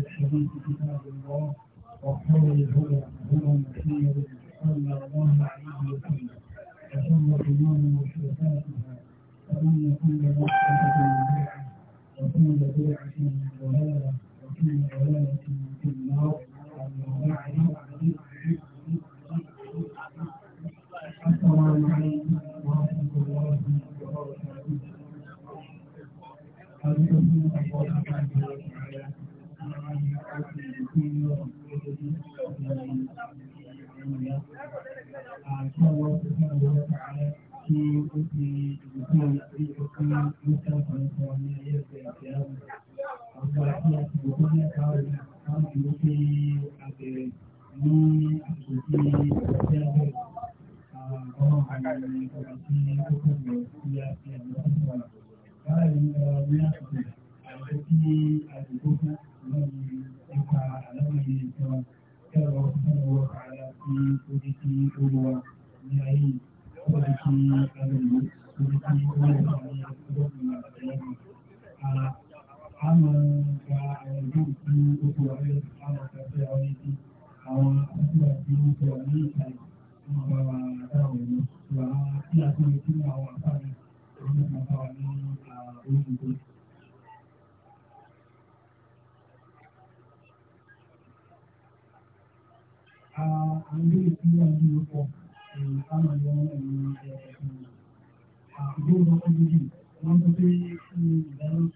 الحديث كتاب الله وخير الهدى هدى محمد صلى الله عليه وسلم وشر الامور محدثاتها فان كل محدثه بدعه وكل بدعه ضلاله وكل ضلاله في النار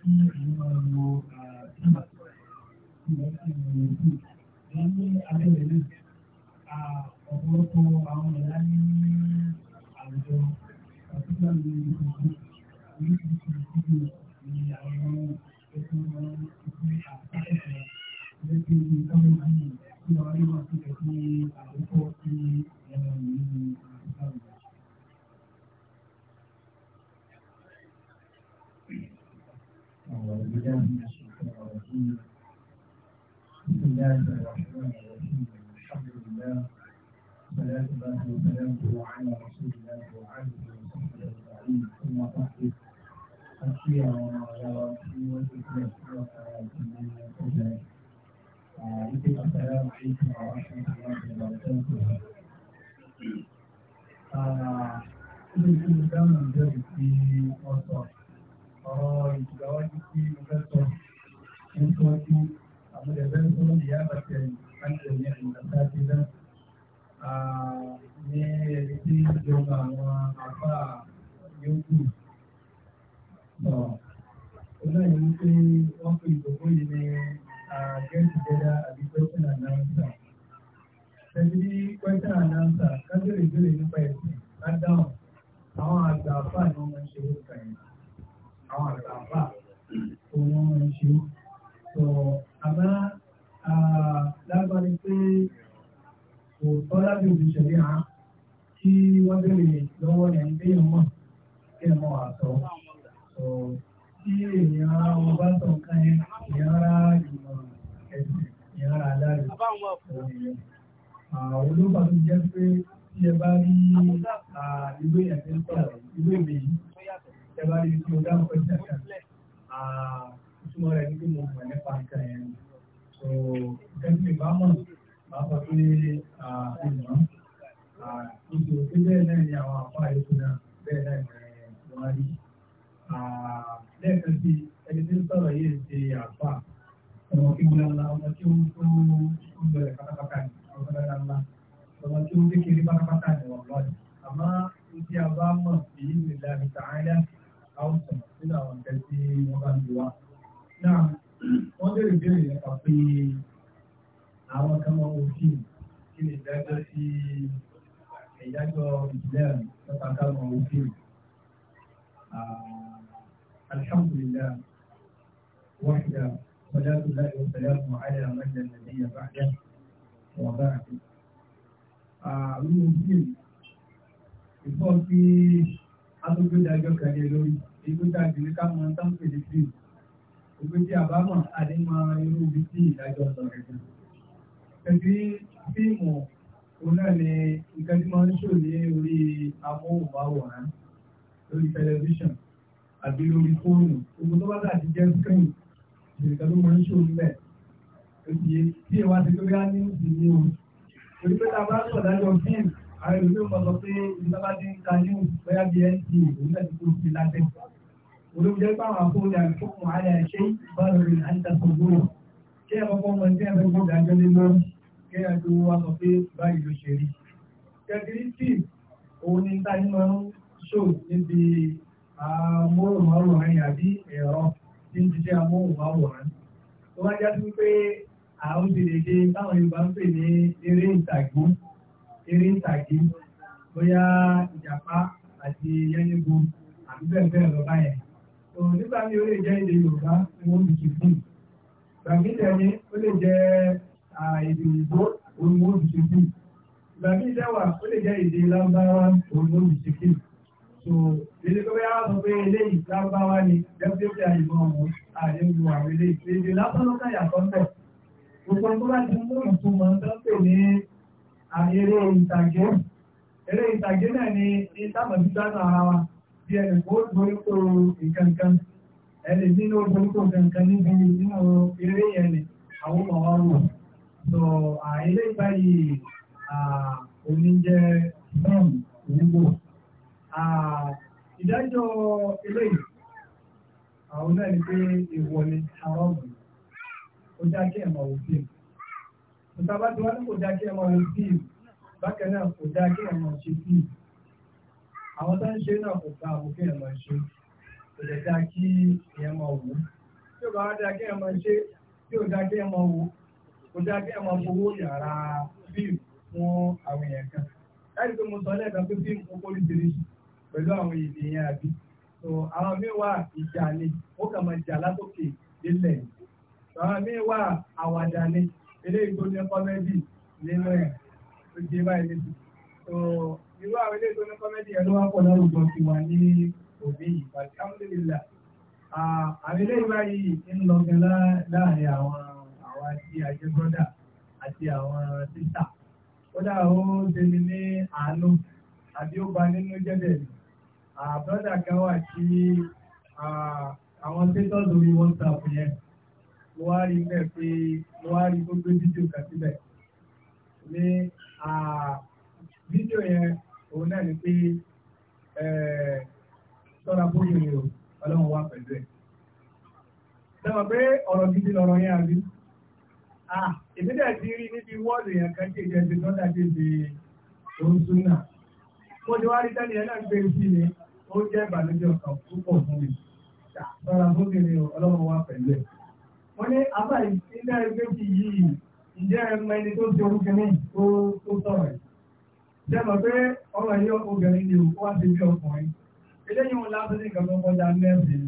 from kí ẹ mọ àtọ ọ tí èèyàn ara wọn bá tàn ká yẹn èèyàn ara ìmọ̀ ẹ̀sìn èèyàn ara adáre òun yẹn àwọn olóòpàá tó jẹ́ وبعد àrùn ìfọ́ tí agbógbédájọ́ kẹrẹ lórí igbó tàbí ní ká mọ tán pèlè sí ìgbó tí àbámọ̀ àdémọ irú ibi tí ìdájọ́ sọ ẹ̀sìn. Ẹbí fíìmù òun náà ni nǹkan tí máa ń ṣò ní orí amóhùnmáwòrán lórí tẹlifíṣàn àbí lórí fóònù. Gbogbo tó bá dà ti jẹ́ screen, ìrìnkà ló máa ń ṣò níbẹ̀ òye tí èwà ti gbé wá ní ìdí ní o. Torí pé tàbá sọ̀ dájọ́ fíìm, àwọn ìlú yóò sọ pé ìjọba ti ń ka ní bóyá bí NTA òun láti kúrò sí lábẹ́. Olùjẹ́ bá wà fún ní àfikún àyà ẹ̀ṣẹ́ ìbáraẹni àìsàkógbòrò. Kí ẹ kọ́kọ́ mọ ní ẹgbẹ́ gbọ́dọ̀ àjọ lé lórí, kí ẹ tó wá sọ pé báyìí ló ṣe rí. Kẹ̀kiri fíìm, òun ni ta ní máa ń ṣò níbi amóhùnmáwòrán àbí ẹ̀rọ tí ń ṣiṣẹ́ amóhùnmáwòrán. Tó wá já sí pé àwọn òṣèrèdè táwọn Yorùbá ń pè ní eré ìtàgé eré ìtàgé bóyá ìjàpá àti yẹnibo àbí bẹ́ẹ̀ bẹ́ẹ̀ lọ báyẹn tó nígbà mi ó lè jẹ́ èdè Yorùbá ni wọ́n bìkì fún gbàmídẹ̀ ni ó lè jẹ́ èdè òyìnbó òun ni wọ́n bìkì fún gbàmídẹ̀ wà ó lè jẹ́ èdè lámbáwá òun ni wọ́n bìkì fún so ilé tó bẹ́yà sọ pé eléyìí lámbáwá ni dẹ́pẹ́tẹ́ àyìnbọn òun àdéhùn àwọn eléyìí èdè lásán ló kàyà sọ́ńtẹ̀ Gbogbo tó bá ti mú ìtumọ̀ tó ń pè ní eré ìtàgé. Eré ìtàgé náà ni ní tábàbí dáná ara wa bí ẹnì kó boríko ìkankan. Ẹnì nínú boríko kankan níbi nínú eré yẹn ni àwọn ọmọ wa wò. Sọ àìlè báyìí oníjẹ náà wúwo. Ìdájọ́ eléyìí, àwọn náà ni pé ìwọlé àrọ́bù kò já kí ẹ máa wò fíìmù nígbà bá ti wá ní kò já kí ẹ máa wò fíìmù bákan náà kò já kí ẹ máa ṣe fíìmù àwọn tó ń ṣe náà kò gba àbò kí ẹ máa ṣe kò lè já kí ẹ máa wò tí ò já kí ẹ máa ṣe tí ò já kí ẹ máa wò kò já kí ẹ máa fowó yàrá fíìmù fún àwọn èèyàn kan láti pé mo sọ lẹ́ẹ̀kan pé fíìmù kókó ní tìrìsì pẹ̀lú àwọn èdè yẹn àbí so àwọn míì wà ìjà ni ó kàn máa jà látòkè délẹ̀ ni àwọn míì wà àwàdà ni eléyìí tó ní kọ́mẹ́dì nínú ẹ̀ tó jẹ́ báyìí létí tó irú àwọn eléyìí tó ní kọ́mẹ́dì ẹ̀ ló wá pọ̀ lọ́rùn gan ti wà ní òbí yìí alhamdulillah àwọn eléyìí báyìí ń lọ gan láàrin àwọn àwọn àti àjẹ brọ́dà àti àwọn sísà kódà ó ṣeni ní àánú àbí ó ba nínú jẹ́bẹ̀ brọ́dà kan wà tí àwọn sétọ́ọ̀dù orí wọ́n ta fún yẹn mo wá rí bẹ́ẹ̀ pé mo wá rí tó gbé fídíò kan síbẹ̀ ní fídíò yẹn òun náà ni pé sọ́ra bóyá ni o ọlọ́run wá pẹ̀lú ẹ̀. Dábàá pé ọ̀rọ̀ gidi lọ̀rọ̀ yẹn àbí. Èmi dẹ̀ ti rí níbi wọ́ọ̀lù yẹn kan tí èdè ẹ̀sìn tó dàbí ti òun súnà. Mo ti wá rí sẹ́ni yẹn náà gbé e sí ni ó jẹ́ ìbànújẹ́ ọ̀kan púpọ̀ fún mi. Sọ́ra bóyá ni o ọlọ́run wá pẹ̀lú ẹ̀ wọ́n ní afá ìpínlẹ̀ ìgbésí yìí ìjẹ́ ẹmọ ẹni tó ti orúkẹ ní tó sọ̀rọ̀ ẹ̀. Ṣé mọ̀ pé ọ̀rọ̀ yìí obìnrin ni òkú wá sí bí ọkùnrin? Eléyìí wọn láti ní nǹkan tó kọjá mẹ́rin.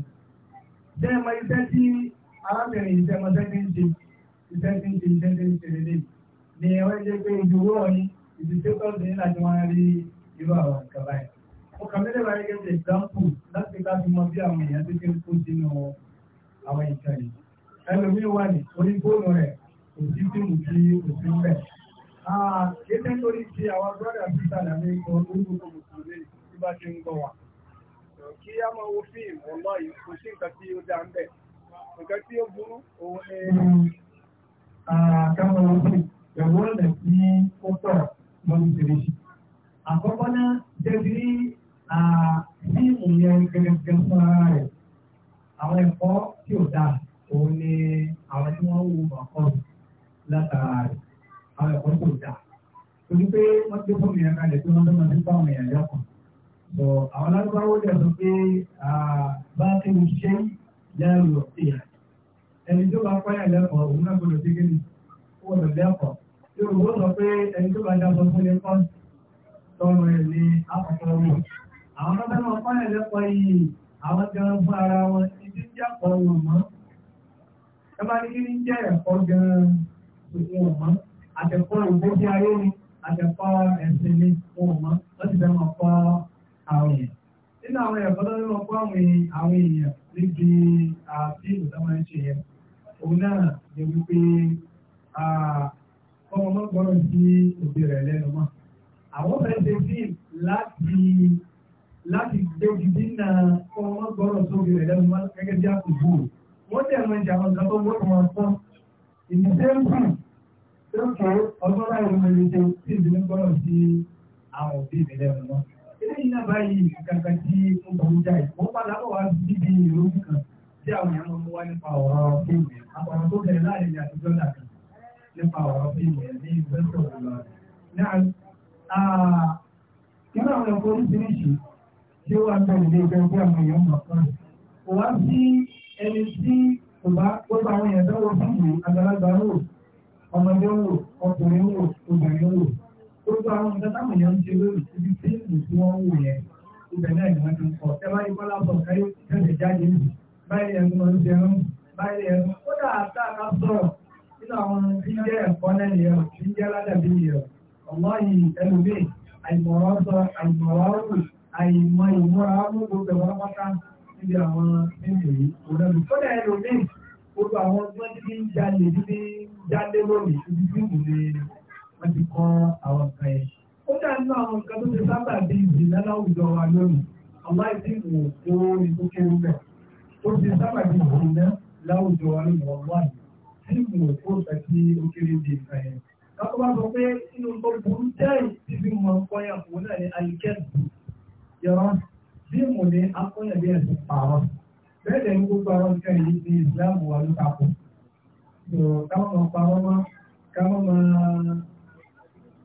Ṣé ẹmọ iṣẹ́ tí arábìnrin iṣẹ́ ọmọ sẹ́ni ń ṣe iṣẹ́ tí ń ṣe iṣẹ́ tí ń ṣe lélẹ̀? Ni ẹ̀rọ jẹ́ pé ìdúró ọ̀yìn ìdí tí ó tọ́ sí láti wọn rí irú àwọn nǹkan báyìí. Mo kàn mílẹ̀ wáyé gẹ́gẹ́ example láti ká fi mọ bí àwọn èèyàn ti fi ń kú sínú àwọn ìkànnì ẹlòmí wà ní orí fóònù rẹ̀ kò sí fíìmù tí kò sí ń bẹ̀. Kété lórí ti àwọn brọ́dà títà lábẹ́ ikọ̀ lórí gbogbo mùsùlùmí tí bá ti ń gbọ́ wa. Kí á máa wo fíìmù ọ̀nà yìí kò sí nǹkan tí ó dá ń bẹ̀. Nǹkan tí ó burú òun ni. Káwọn ọmọ sí ìyàwó rẹ̀ sí ó pọ̀ Àkọ́kọ́ náà jẹ́ fíìmù yẹn gẹ́gẹ́ fún ara rẹ̀. Àwọn ẹ̀kọ́ tí ò dáa òun ni àwọn tí wọ́n wù ọ̀kan látara rẹ̀ àwọn ẹ̀kọ́ tó dáa torí pé wọ́n ti fún mi ẹ̀ka lè tó wọ́n tó máa ti bá àwọn èèyàn lẹ́kọ̀ọ́ sọ àwọn alágbáwó dẹ̀ sọ pé bá a ti ń ṣe lẹ́rù ìyà ẹni tó bá pààyàn lẹ́kọ̀ọ́ òun náà gbọdọ̀ sí ni? ó wọ́n lẹ́kọ̀ọ́ Yorùbá sọ pé ẹni tó bá dábọ fún ní kọ́ tọrọ ẹ̀ ní àkọ́kọ́ wọn àwọn tó bá pààyàn lẹ́kọ̀ọ́ yìí àwọn tí wọ́n fún ara wọn ìdí bá ní kí ní jẹ́ ẹ̀kọ́ gan-an tuntun ọ̀mọ́ àtẹ̀kọ́ ìgbésí ayé ni àtẹ̀kọ́ ẹ̀sìn ni fún ọ̀mọ́ wọ́n ti fẹ́ máa kọ́ àwọn èèyàn. nínú àwọn ẹ̀kọ́ tó ń lọ kọ́ àwọn èèyàn níbi àti ìgbésàmọ́ ṣe yẹn òun náà lè wí pé ọmọ ọmọ gbọ́dọ̀ sí òbí rẹ̀ lẹ́nu mọ́. àwọn fẹ́ ṣe fíìm láti láti gbé gidi náà ọmọ ọmọ gbọ́dọ̀ sóbì rẹ̀ lẹ́nu mọ́ gẹ́gẹ́ bí àpò bóòlù wọ́n tẹ̀ mọ ìjà ọ̀gá tó wọ́n mọ̀ fún ìdí sẹ́ńpù lókè ọdún láì mọ ilé ṣe tí ìdílé gbọ́dọ̀ sí àwọn òbí mi lẹ́nu náà. ilé yìí náà báyìí kàkà tí mo burú jáì mo padà bọ̀ wá síbi ìròyìn kan tí àwọn èèyàn mú wá nípa ọ̀rọ̀ fíìmù àpọ̀rọ̀ tó bẹ̀rẹ̀ láàrin àtijọ́ dàbí nípa ọ̀rọ̀ fíìmù ní ìgbésẹ̀ òwúrọ̀ náà nínú àwọn ẹ̀kọ́ oríṣiríṣi tí ó wà ẹni tí kò bá gbogbo àwọn èèyàn tó wọ fíìmù àgbàlagbà ń wò ọmọdé ń wò ọkùnrin ń wò obìnrin ń wò gbogbo àwọn nǹkan táwọn èèyàn ń ṣe lórí ibi fíìmù tí wọ́n ń wò yẹn ibẹ̀ náà ni wọ́n ti ń kọ́ ẹ bá yí kọ́lá sọ káyọ̀ kẹ́sẹ̀ jáde nù báyìí ẹnu máa ń ṣe ẹnu ẹnu kódà àtàkà sọ̀rọ̀ nínú àwọn tí ń jẹ́ ẹ̀kọ́ náà sí àwọn ẹ̀mí yìí kò dàbí kódà ẹlòmíì gbogbo àwọn ọgbọ́n tí ń jalè ní jalè lónìí ojú tí mò ń wọ́n ti kọ́ àwọn nǹkan yẹn. ó dà nínú àwọn nǹkan tó ti sábà di ìdìnnà láwùjọ wa lónìí àwọn ìdí ìwò tó ní tó kéré bẹ̀. ó ti sábà di ìdìnnà láwùjọ wa lónìí wọ́n wà ní tí ìwò tó fẹ́ sí ó kéré di nǹkan yẹn. lọ́kọ́ bá sọ pé inú tó burú díìmù ní akọ́yẹ̀ bí ẹ̀sìn pààrọ̀ bẹ́ẹ̀ lè ní gbogbo àwọn nǹkan yìí ní ìsìláàmù wa ló takò káwọn máa parọ́ mọ́ káwọn máa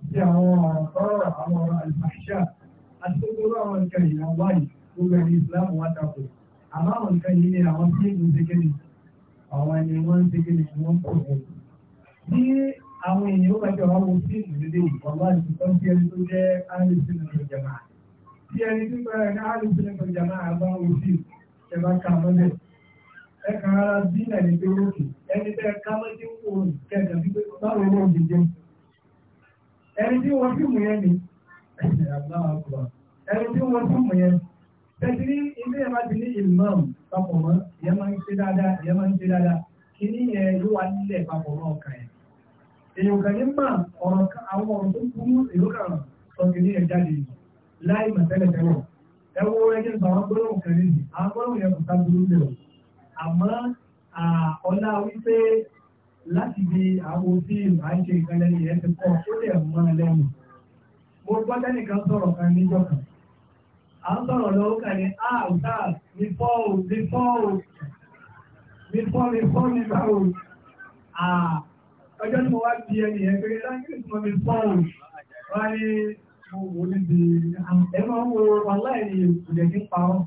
sí àwọn ọ̀rọ̀ tọ́rọ̀ àwọn ọ̀rọ̀ àlùfàṣà àti gbogbo àwọn nǹkan yìí wọ́n wáyé gbogbo ẹni ìsìláàmù wa takò àmọ́ àwọn nǹkan yìí ni àwọn tí èmi ṣe kéde àwọn ẹni wọ́n ṣe kéde ni wọ́n ń pọ̀ bí àwọn èèyàn bá jẹ́ tó jẹ́ áńlẹ́sìn ìjọba tí ẹni tí pẹ̀rẹ̀ ní àlùfẹ́ pẹ̀lú jàmá àbá òsì ẹ̀bá kà mọ́lẹ̀ ẹ kàn ara bí ẹni pé lókè ẹni tẹ́ ká mọ́tí ń wò kẹta bí pé báwo ló ń dìde ẹni tí wọ́n fíìmù yẹn ni ẹni tí wọ́n fíìmù yẹn tẹ́tí ní ilé ẹ̀ bá ti ní ìlmọ́ọ̀mù papọ̀ mọ́ ìyẹn máa ń ṣe dáadáa ìyẹn máa ń ṣe dáadáa kí ní yẹn ló wà nílẹ̀ papọ̀ mọ́ ọ̀kà yẹn èèyàn kàn ní mà àwọn ọ̀rọ̀ tó kú èèyàn kàn sọ ní ẹ̀ jáde yìí láì mọ̀ tẹ́lẹ̀tẹ́lẹ̀ ẹ wo ẹgbẹ́ nípa àwọn gbólóhùn kan nìyí àwọn gbólóhùn yẹn kò sá burú lẹ̀ o àmọ́ ọlá wípé láti di àwọn tí màá ṣe ìkànnì yẹn ti pọ̀ ó lè mọ́ lẹ́nu mo gbọ́ tẹ́nìkan sọ̀rọ̀ kan níjọ́ kan à ń sọ̀rọ̀ lọ́wọ́ kan ní àwùjá mi fọ́ o mi fọ́ o mi fọ́ mi fọ́ mi bá o ọjọ́ tí mo wá di ẹnìyẹn pé láńkì tí mi fọ́ o wo níbi ẹ máa ń wo wàhálà ẹ̀yìn ìjẹ̀ ní parọ́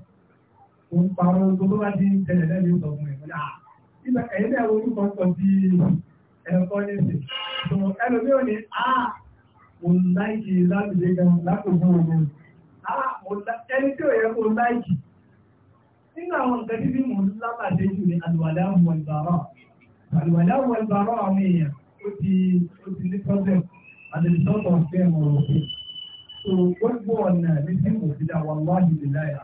òun parọ́ tó tó bá di tẹ̀lẹ̀ lẹ́nu yóò sọ fún ẹ̀ nígbà ah, nígbà ẹ̀yìn náà wo orúkọ sọ bí ẹ̀kọ́ ní sí tó ẹlòmíì ò ní a ah, mo láìkì lábìlẹ̀ gan lákòókò òun a ah, mo ẹni tí ò yẹ kó láìkì nínú àwọn nǹkan tí mo ń lábàdé jù ní àlùwàlá àwọn ìbàrọ̀ àlùwàlá àwọn ìbàrọ̀ àwọn èèyàn ó ti ó ti ní problem àti ìtọ́tọ̀ fẹ́ mọ̀ òfin so gbogbo ọ̀nà ní tí kò fi dá wà lọ́ọ̀dì lè láyà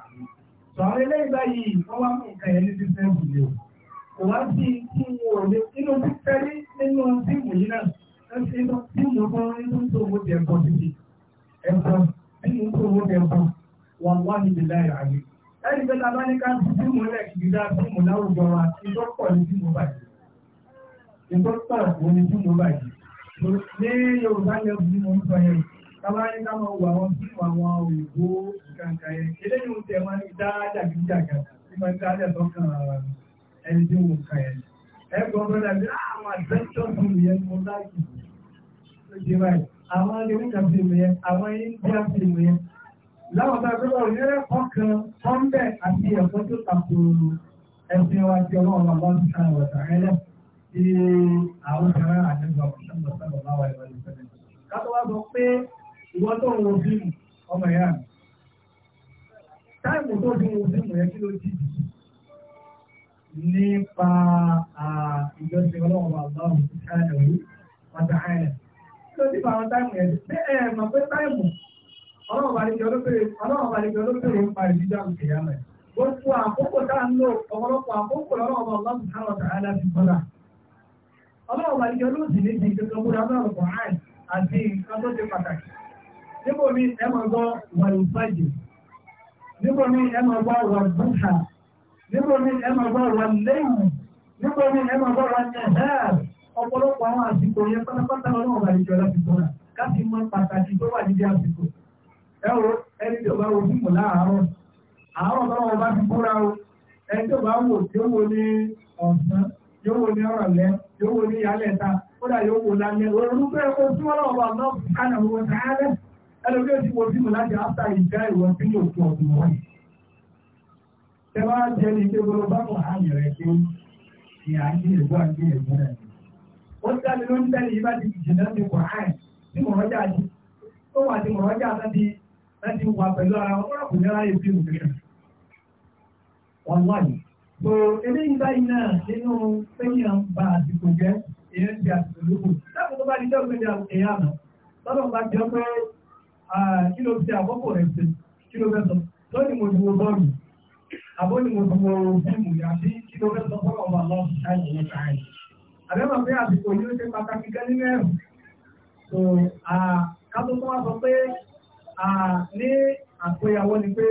sọ àwọn eléyìí báyìí wọ́n wá mú nǹkan yẹn ní fífẹ́ ìlú kò wá sí tí mo ò lè nínú fífẹ́ rí nínú fíìmù yìí náà nínú fíìmù tó ń tó ń tó owó tẹ̀ ẹ̀kọ́ títí ẹ̀kọ́ fíìmù tó owó tẹ̀ ẹ̀kọ́ wà lọ́ọ̀dì lè láyà rí ẹni pé ta bá ní ká fi fíìmù lẹ̀ kìdá fíìmù láwùjọ wa ìtọ́pọ̀ ní fíìmù báyìí ìtọ́pọ̀ ní fíìmù báyìí ní Yorùbá yẹn fíìmù ń sọ yẹn Tábà ní ká máa wo àwọn fíìmù àwọn òyìnbó kankan yẹn. Eléyìí ń tẹ̀ máa ń dáadáa kí jàgà tí máa ń dáadáa tó kàn ẹni tí wò kàn yẹn. Ẹ gbọ́n tó dàbí àwọn adventure film yẹn mo láàyè. Ó di báyìí. Àwọn Amẹ́ríkà film yẹn, àwọn India film yẹn. Láwọn bá gbọ́dọ̀ rírẹ́ kọ̀ọ̀kan tọ́ńbẹ̀ àti ẹ̀kọ́ tó tako ẹ̀sìn wa ti ọlọ́run àwọn ọ̀sán ọ̀sán ẹlẹ́ tí àwọn kan àdéhùn àwọn ọ̀sán ọ̀sán ọ̀láwà ìwà ìfẹ́ Kátó wá sọ pé ìwọ́n tó ń wo fíìmù ọmọ ìyá mi táìmù tó fi wo fíìmù yẹn kí ló jì nípa ìjọsìn ọlọ́run bàbá ti ká ẹ̀rọ yìí pátá àìlẹ̀ kí ló dé bá àwọn táìmù yẹn ṣe ẹ̀ mọ̀ pé táìmù ọlọ́run bá lè jọ lóbèrè ń pa ìdíjà òkè yá mẹ́ gbogbo àkókò tá à ń lò ọ̀pọ̀lọpọ̀ àkókò lọ́wọ́ ọlọ́run ká lọ́ta aláfi ní ti kankan múra náà lọ́kọ̀ àì àti nǹkan tó ṣe pàtàkì níbo ni ẹ máa gbọ́ wàlúùfàjì níbo ni ẹ máa gbọ́ wàlúùfà níbo ni ẹ máa gbọ́ wàlúùlẹ́yìn níbo ni ẹ máa gbọ́ wàlúùfà ọ̀pọ̀lọpọ̀ àwọn àsìkò yẹn pátápátá ọlọ́run àlejò lásìkò náà káfí mọ pàtàkì tó wà níbi àsìkò ẹ wo ẹni tí ò bá wo fíìmù láàárọ̀ àárọ̀ báwọn bá fi búra o ẹni tí ò bá wò tí ó wo ní ọ̀sán yóò wo ní ọ̀rọ̀lẹ́ yóò wo ní ìyálẹ̀ta kódà yóò wo lálẹ́ òun fẹ́ ojú ọlọ́run àmọ́ kánà wọn sáárẹ̀. ẹlòmí ò ti wo fíìmù láti áfà ìjà ìwọ̀n tí yóò tó ọdún wọn. ṣé wàá jẹ́ ní pé gbogbo bá kọ̀ á yẹ̀rẹ̀ pé ní à ń gbé ègbó à ó ti dáni ló ń tẹ́lẹ̀ yìí bá ti mọ̀rọ́jà wà mọ̀rọ́jà láti wà pẹ̀lú ara wọn kọ́ra kò ní wọ́n wà ní. eléyìí báyìí náà nínú fẹ́yìn bá àsìkò jẹ́ ti àsìkò láti Ah, kí ló ṣe àkọ́kọ́ rẹ̀ ṣe kí ló fẹ́ sọ lónìí mo ti wo bọ́ọ̀lù àbó ni mo ti wo fíìmù yàtí kí ló fẹ́ sọ fọ́lọ̀ ọba lọ ṣáàyè ní káàyè. àbẹ́mọ̀ pé àsìkò yìí ó ṣe pàtàkì gan nínú ẹ̀rù so kátó tó wá sọ pé ní àpéyàwó ni pé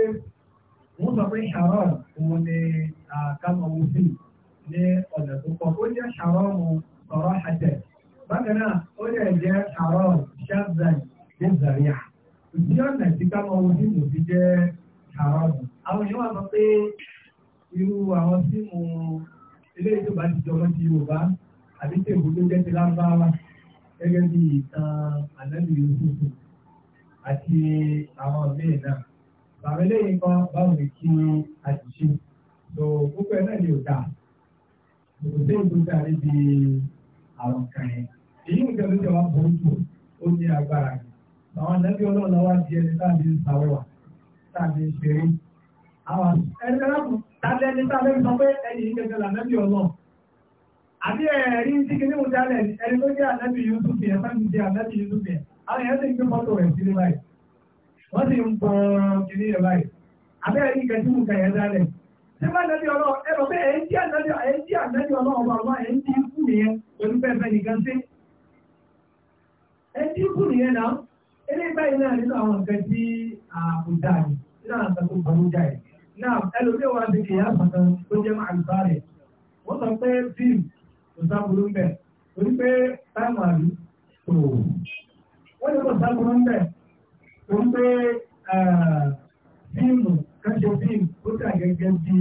wọ́n sọ pé ṣàrọ̀ òun ni kámọ̀wó sí ní ọ̀nà tó pọ̀ ó jẹ́ ṣàrọ̀ òun sọ̀rọ̀ àjẹ́ bákan náà ó lè jẹ́ ṣàrọ̀ ṣẹ́bẹ̀ ní zaria ìdí ọ̀nà tí ká mọ ohun tí mo fi jẹ́ àrọ́nù àwọn èèyàn wà sọ pé irú àwọn tí mo ilé tó bá ti jọmọ́ ti Yorùbá àbí tí èbú tó jẹ́ ti lábáwá gẹ́gẹ́ bí ìtàn ànábì Yúsúfù àti àwọn míì náà bàbá eléyìí kan báwo ni kí a ti so púpọ̀ ẹ̀ náà ni ò dáa kò sí ìlú dáa níbi àwọn kan yẹn èyí ń jẹ́ ló jẹ́ wá burúkú ó ní agbára àwọn ànábì ọlọ́run lọ́wọ́ di ẹni táàbí ń sàwẹ́wà táàbí ń ṣeré. àwọn ẹni ẹlẹ́kùn tábí ẹni tábí sọ pé ẹni yìí kẹsẹ̀ lànàbí ọlọ́run. àbí ẹ̀rí ń dígí níwò dálẹ̀ ẹni tó jẹ́ ànábì Yúsúfù yẹn fẹ́mi jẹ́ ànábì Yúsúfù yẹn àwọn èèyàn sì ń gbé mọ́tò rẹ̀ sílé báyìí. wọ́n sì ń pọ̀ kìnní yẹn báyìí. àbí ẹ̀rí kẹsí mú kẹyẹ dálẹ̀. ṣé bá ànábì ọlọ́run ẹ̀rọ pé ẹ̀yìn tí ànábì ọlọ́run ọba ọba ẹ̀yìn tí ikú nìyẹn pẹ̀lú pẹ́ẹ́pẹ́ nìkan sí. ẹ̀yìn tí ikú eléyìí báyìí náà nínú àwọn nǹkan tí àbùdá ni nínú àwọn nǹkan tó burú jáì náà ẹlòmíràn wá sí kìyà kankan tó jẹ́ máa ń sáré wọ́n sọ pé fíìmù kò sábúrú ń bẹ̀ torí pé táìmù àbí tó wọ́n ní kò sábúrú ń bẹ̀ torí pé fíìmù kánṣe fíìmù ó kà gẹ́gẹ́ bí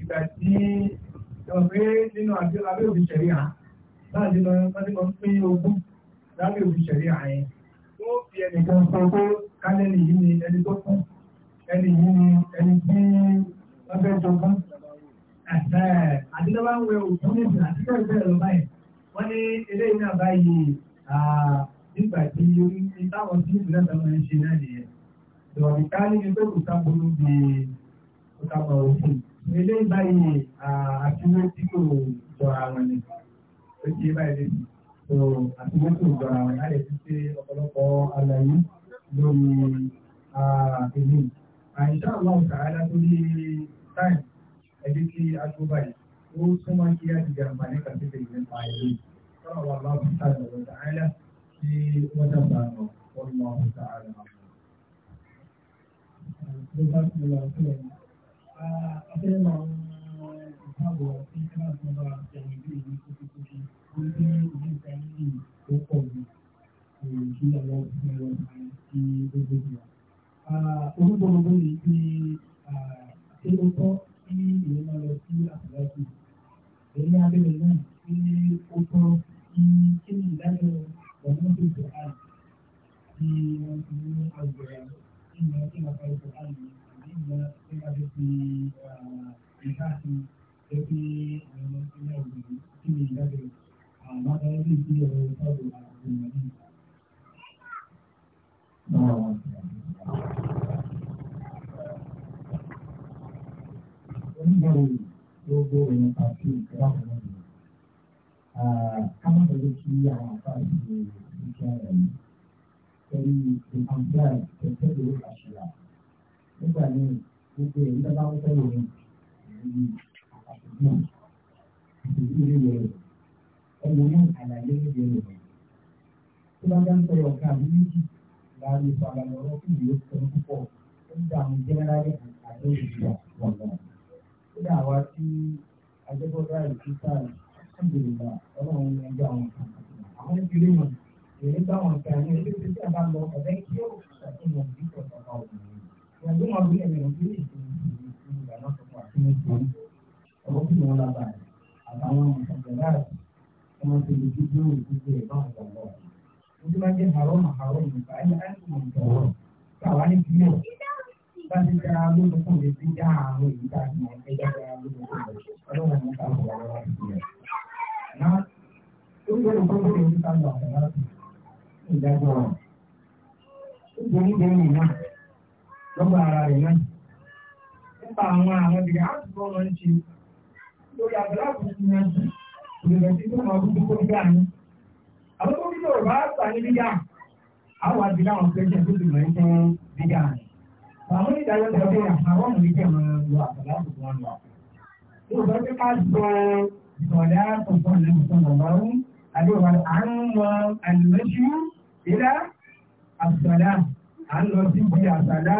ìgbà tí ọ̀rẹ́ nínú abẹ́ òfin ṣẹ̀rí à láti lọ pátí kan pín ogún lábẹ́ ṣẹ̀rí à yẹn tó fi ẹnìkan sọ pé kálẹ́lì yìí ni ẹni tó kú ẹni yìí ni ẹni tí wọ́n fẹ́ jogún. àdínlọ́wọ́ ń wẹ òkú níbi àti bẹ́ẹ̀ bẹ́ẹ̀ lọ báyìí wọ́n ní eléyìí náà báyìí nígbà tí táwọn tí ìlú náà máa ń ṣe náà nìyẹn. ìwọ̀n ìkálí ni pé kò sábòrò di kò sábòrò òfin. eléyìí báyìí àfiwé tí kò jọra wọn ni. ó ti yé báyìí lẹ́sìn so àti mọ́tò gbàrà wọn láti fi ṣe ọ̀pọ̀lọpọ̀ àlàyé lórí èmi àìsàn àwọn ọ̀sàrádá tó ní táìm ẹbí tí a tó báyìí ó súnmọ́ kí á ti jẹ àǹfààní kan sí ìgbésẹ̀ nípa èmi sọ́nà wà bá fún táìm ọ̀sàrádá tí wọ́n dàgbà lọ wọ́n mọ ọ̀sàrádá. Àfẹ́rẹ́ máa láti dára lóòótọ́ ti dá àwọn èyí tá a ti mọ̀ ẹ́ dára lóòótọ́ ọlọ́run ní ká wọ̀ ọ́ náà ó ń bẹ̀rẹ̀ tó bẹ̀rẹ̀ ní ká lọ àwọn aláàbò ìdájọ́ rẹ̀ nítorí bẹ́ẹ̀ náà lọ́gbà ara rẹ̀ náà nípa àwọn àwọn ìgbà á ti bọ́ wọn ṣe lórí àbúrò ti yan jù ìrìnà tí tó máa gbogbo kó gbà ní. àwọn tó kí lóòrùn bá sà ní bíga àwọn àti láwọn pẹ́ṣẹ̀ tó ti mọ̀ ẹ́ fún bíga ní. Àwọn ìdájọ́ ti ọdún àwọn ọmọ ìjẹ́ ọmọ ìlú àtàlá àtùkù wọn lọ. Yóò bá ti ká sọ ìsọ̀dá tuntun ìlú ìsọ̀nà ọ̀gbọ́n àdéhùn àrùn wọn àlùmọ́sí ìlà àtàlá à ń lọ sí ibi àtàlá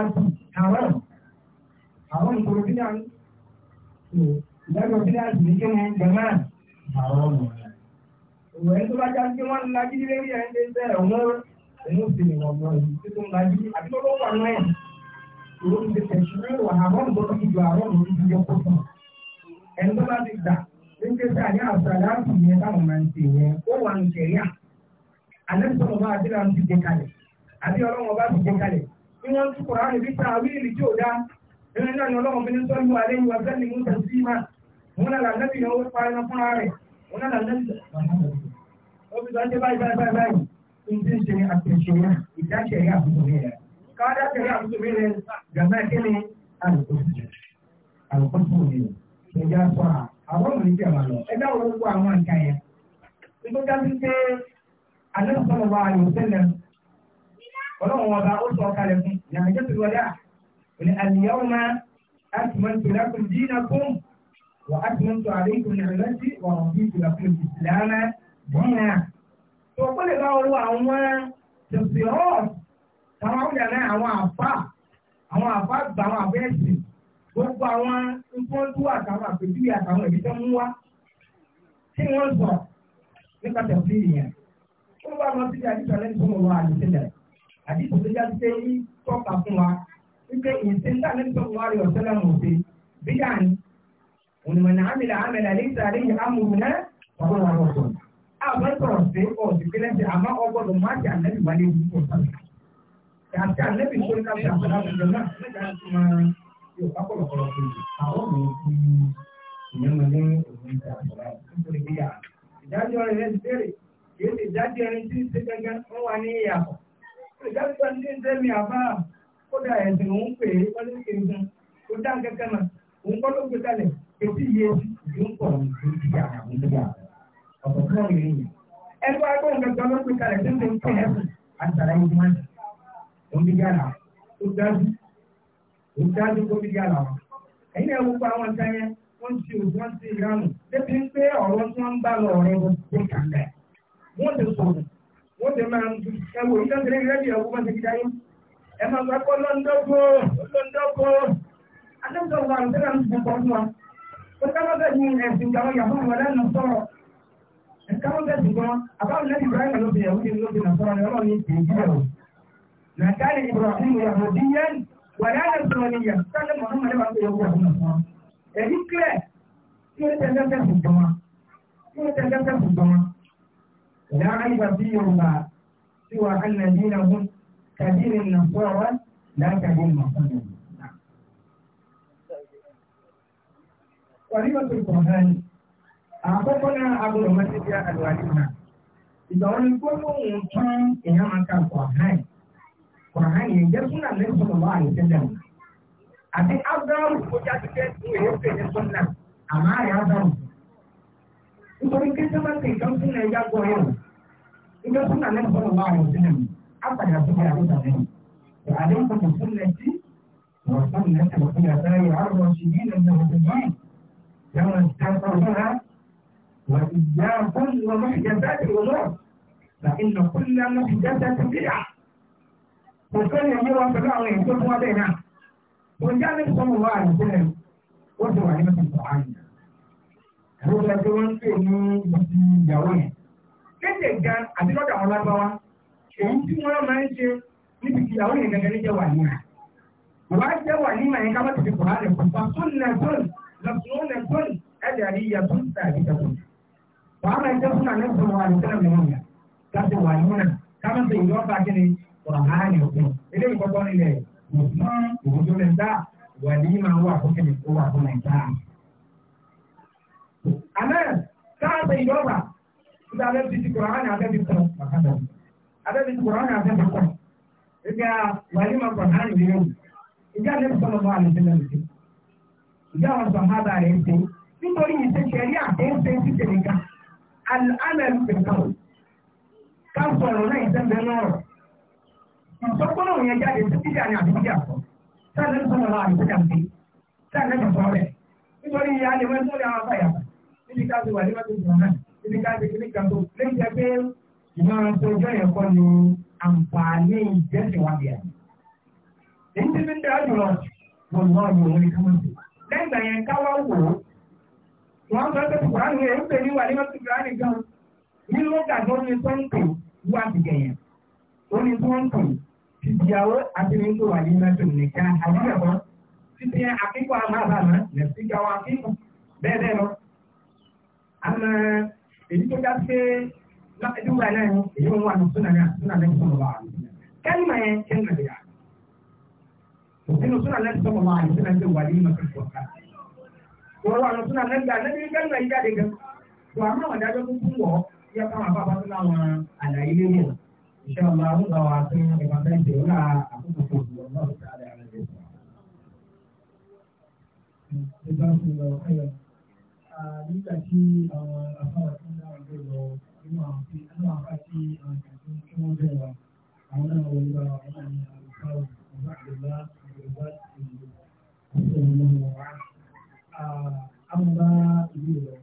àwọn àwọn ìkòrò bí náà ìdájọ́ bí náà sì ní kí ni gbẹ̀mọ́ àwọn ọmọ rẹ̀. Ìwé tó bá já sí wọn lajú lórí ẹ̀ ń dé wọ́n òun sì ní wọn lọ sí tó ń lajú àti tó ló wà náà lórí ti tẹ̀síwé wà àmọ́nù tó ti ju àmọ́nù tó ti yọ kótó. ẹni tó bá ti gbà ní kékeré àní àṣàlá ti yẹn táwọn máa ń ṣe yẹn ó wà ní kẹ̀ríà. alẹ́ sọ̀rọ̀ bá adé náà ti dé kalẹ̀ àbí ọlọ́wọ́n bá ti dé kalẹ̀ bí wọ́n ti kọ̀rọ̀ àrùn bíta wíìlì tí ò dá nínú náà ni ọlọ́wọ́n fi ní sọ́jú alẹ́ ìwà sẹ́ni mú tẹ̀sí mà wọn náà làǹdà bí ìnáwó parí náà fúnra rẹ̀ wọn náà làǹdà bí ó fi sọ ṣe báyìí báyìí báyìí ní ti ń ṣe àtẹ̀ṣe náà ìdáṣẹ̀rí àbúrò rẹ̀ kada ta yi abu mai game kini alƙusu alƙusu ne to ya fa àwọn ọmọ ìjọ máa lọ ẹgbẹ́ àwọn olùkọ́ àwọn nǹkan yẹn nígbà dájú pé alẹ́sọ̀rọ̀ wa yóò ṣẹlẹ̀ ọlọ́run ọba ó sọ kalẹ̀ fún yàrá ìjọ tó wọlé à òní àlìyáwó máa àtúmọ̀tò lákùn dínà fún wà àtúmọ̀tò àríkùn ní àlọ́jì wà wọ́n fi ìjìlá fún ìsìlámà dínà. tó kọ́lé bá wọ́n àwọn tẹ̀síọ́ọ̀tì tàwọn àwọn yàrá àwọn àbá àwọn àbá gbà àwọn àbá ẹ̀sìn gbogbo àwọn nkóńtó àtàwọn àpèjúwe àtàwọn ẹ̀bí tó mú wá tí wọ́n sọ nípa tẹ̀sí yẹn tó bá wọn ti di àdìsọ lẹ́nu tó mọ̀ wá àdìsílẹ̀ àdìsọ tó jáde pé yí tọ́ka fún wa wípé ìsìnká lẹ́nu tó mọ̀ wá rí ọ̀sẹ̀ lẹ́nu òfin bíyà ni ònìmọ̀nà àmìlà àmìlà lẹ́sẹ̀ àlẹ́yìn amòmìnà ọ̀gbọ́n wà lọ́sọ̀rọ̀ àwọn ìtọ̀rọ̀ sí ọ̀sìn pé lẹ́sẹ̀ àmọ́ ọgbọ́dọ̀ má ti àlẹ́ Kàtí àlẹ́bí tó ní ká fi àpẹẹrẹ àpẹẹrẹ náà nígbà tí mo yóò bá pọ̀lọpọ̀lọ fún mi. Àwọn mi ti ìyẹn mo ní òun ìjà àpẹẹrẹ nítorí bí yà. Ìdájọ́ rẹ̀ ti bẹ̀rẹ̀ kìí ti dájọ́ ẹni tí ń ṣe gẹ́gẹ́ wọ́n wà ní ìyàpọ̀. Ìdájọ́ ní ń sẹ́mi àbá kódà ẹ̀sìn òun pè é wọ́n ní kiri gan. Kò dá kẹ́kẹ́ mà, òun kọ́ ló gbé kalẹ̀, etí tó ń ṣe ń pè é àtàrà ìdúmọ̀ onígàlà tó dájú tó dájú tó nígàlà wọn. ẹ̀yin àwọn nǹkan yẹn ti òkú wọ́n ti ìranù débi pé ọ̀rọ̀ tí wọ́n ń bá lọ wọn tó ti ti máa ń ẹ máa fún wa wọn ما كان إبراهيم يهوديا ولا نصرانيا كان محمد ما كان يهوديا èyí kílẹ̀ tí ó tẹ́ lẹ́sẹ̀ fùgbọ́n wa tí ó tẹ́ lẹ́sẹ̀ fùgbọ́n wa ìyá àyíká sí yorùbá tí wà á nà yín náà mú kàdírì nà sọ̀rọ̀ látàrí màkúndùn. Wàlí wàtò ìkọ̀hán àkọ́kọ́ náà agbọ̀dọ̀ mọ́tẹ́bíà àlùwàlì náà ìgbà wọn ni gbọ́dọ̀ ń tún ìyá máa ka ìkọ̀hán yìí kọ̀ọ̀hán yẹn jẹ́ súnà lẹ́sọ̀rọ̀ lọ́wọ́ àyẹ̀sẹ̀lẹ̀ o. àti ádámù ó jáde jẹ́ ní èrèfé ní súnà àmọ́ àyè ádámù. nítorí kéde máa ti ìjọ súnà ẹ̀yà gbọ́ yẹn o. ìjọ súnà lẹ́sọ̀rọ̀ lọ́wọ́ àyẹ̀sẹ̀lẹ̀ o. àpàdà tó yàrá ìdàlẹ́ o. àdéhùn kò súnà ẹ̀jí wọ́n súnà ẹ̀jẹ̀ wọ́n súnà ẹ̀jẹ̀ وإياكم ومحدثات الأمور فإن كل محدثة بدعة kò sẹ́yìn yé wọn pẹ̀lú àwọn èyí tó fún wọn bẹ́ẹ̀ náà kò ní sọmọ wa àdìsẹ́lẹ̀ ó ti wà nínú ìtàn àyè ẹ̀rọ ìlẹ̀ tó wọ́n pè ní ibi ìyàwó yẹn kéde lágbáwá èyí tí máa ń ṣe níbi ìyàwó yẹn gẹ́gẹ́ ní jẹ́ wà wàá jẹ́ wà ká tó kùrànláàyè òkun ilé ìkọ́kọ́ nílẹ̀ mùsùlùmí òwúdó lè dá wàdí máa wà fún kìnnì ó wà fún nàìjíríà. àmẹ́ káàtó ìjọba nígbà abẹ́ ti ti kùrànláàyè abẹ́ ti kọ́ màkàtà abẹ́ ti kùrànláàyè abẹ́ ti kọ́ ìgbà wàdí máa kùrànláàyè lè wù ìjà lè fi sọ́nà bọ́ àlè sílẹ̀ lè ìjà wọn sọ ha bàrẹ̀ ń ṣe nítorí ìṣẹ̀ṣẹ̀ rí àkóńṣe ti ṣe nìkan alẹ́ ń pè kàn ká sọ̀rọ̀ náà ìsọgbọ́nà yẹn jáde ìsìkíjà ni àdúgbò àtọ̀ sáà lẹ́nu sọ̀rọ̀ náà àdúgbò àti sáà lẹ́nu sọ̀rọ̀ rẹ̀ nítorí alẹ́ wọn tó lè àwọn àbáyà níbi ká ti wà ní wọ́n ti sọ̀rọ̀ náà níbi ká ti kíní kan tó lẹ́yìn tẹ́ pé ìmọ̀ràn tó jọ yẹn kọ́ ni àǹfààní ìjẹ́sìn wa bìà. èyí ti fi ń dára jùlọ wọn náà yóò wọlé ká wọn sí. lẹ́yìn ìgbà yẹn káwá wò ó wọn sọ pé kùránì yẹn ń pè ní wà ní wọ́n ti kùránì gan ní lóga tó ní tó ń pè wá ti gẹ̀yẹn ó ní tó ń pè ìyàwó abirinku wà ní mẹ́tòm nìkan àdúgbò títí akíkọ àmàbàmà lẹ́sìkàwọ́ akíkọ bẹ́ẹ̀ bẹ́ẹ̀ lọ. àmọ́ èyí tó dá sí ìdúgba náà ni èyí wọn wà ní súnà náà súnà lẹ́yìn sọ̀rọ̀ wà ní súnà. kẹ́lìmà yẹn kẹ́lìmà lè yà. òsínú súnà lẹ́yìn sọ̀rọ̀ wà ní súnà lè wà ní mẹ́tòm wọ́n wà ní súnà lẹ́yìn gbà lẹ́yìn kẹ́lìmà yìí jáde gan. wà á máa wà dájọ́ tó kú wọ̀ yẹ káwọn àbábá tó láwọn àlàyé lé insha Allah lúc đầu à tôi thì bạn đang hiểu là cũng một cuộc sống nó sẽ đẹp lên được thì tôi cũng là hay à những cái chi ờ, ở ở phòng chúng ta đều là nhưng mà thì ờ, nó là cái chi ở cái chung chung đều là àwọn náà wọlé bá wọn náà ní àlùfáà ọba àdìbá àdìbá ìlú àti ìlú wa àmúbá ìlú rẹ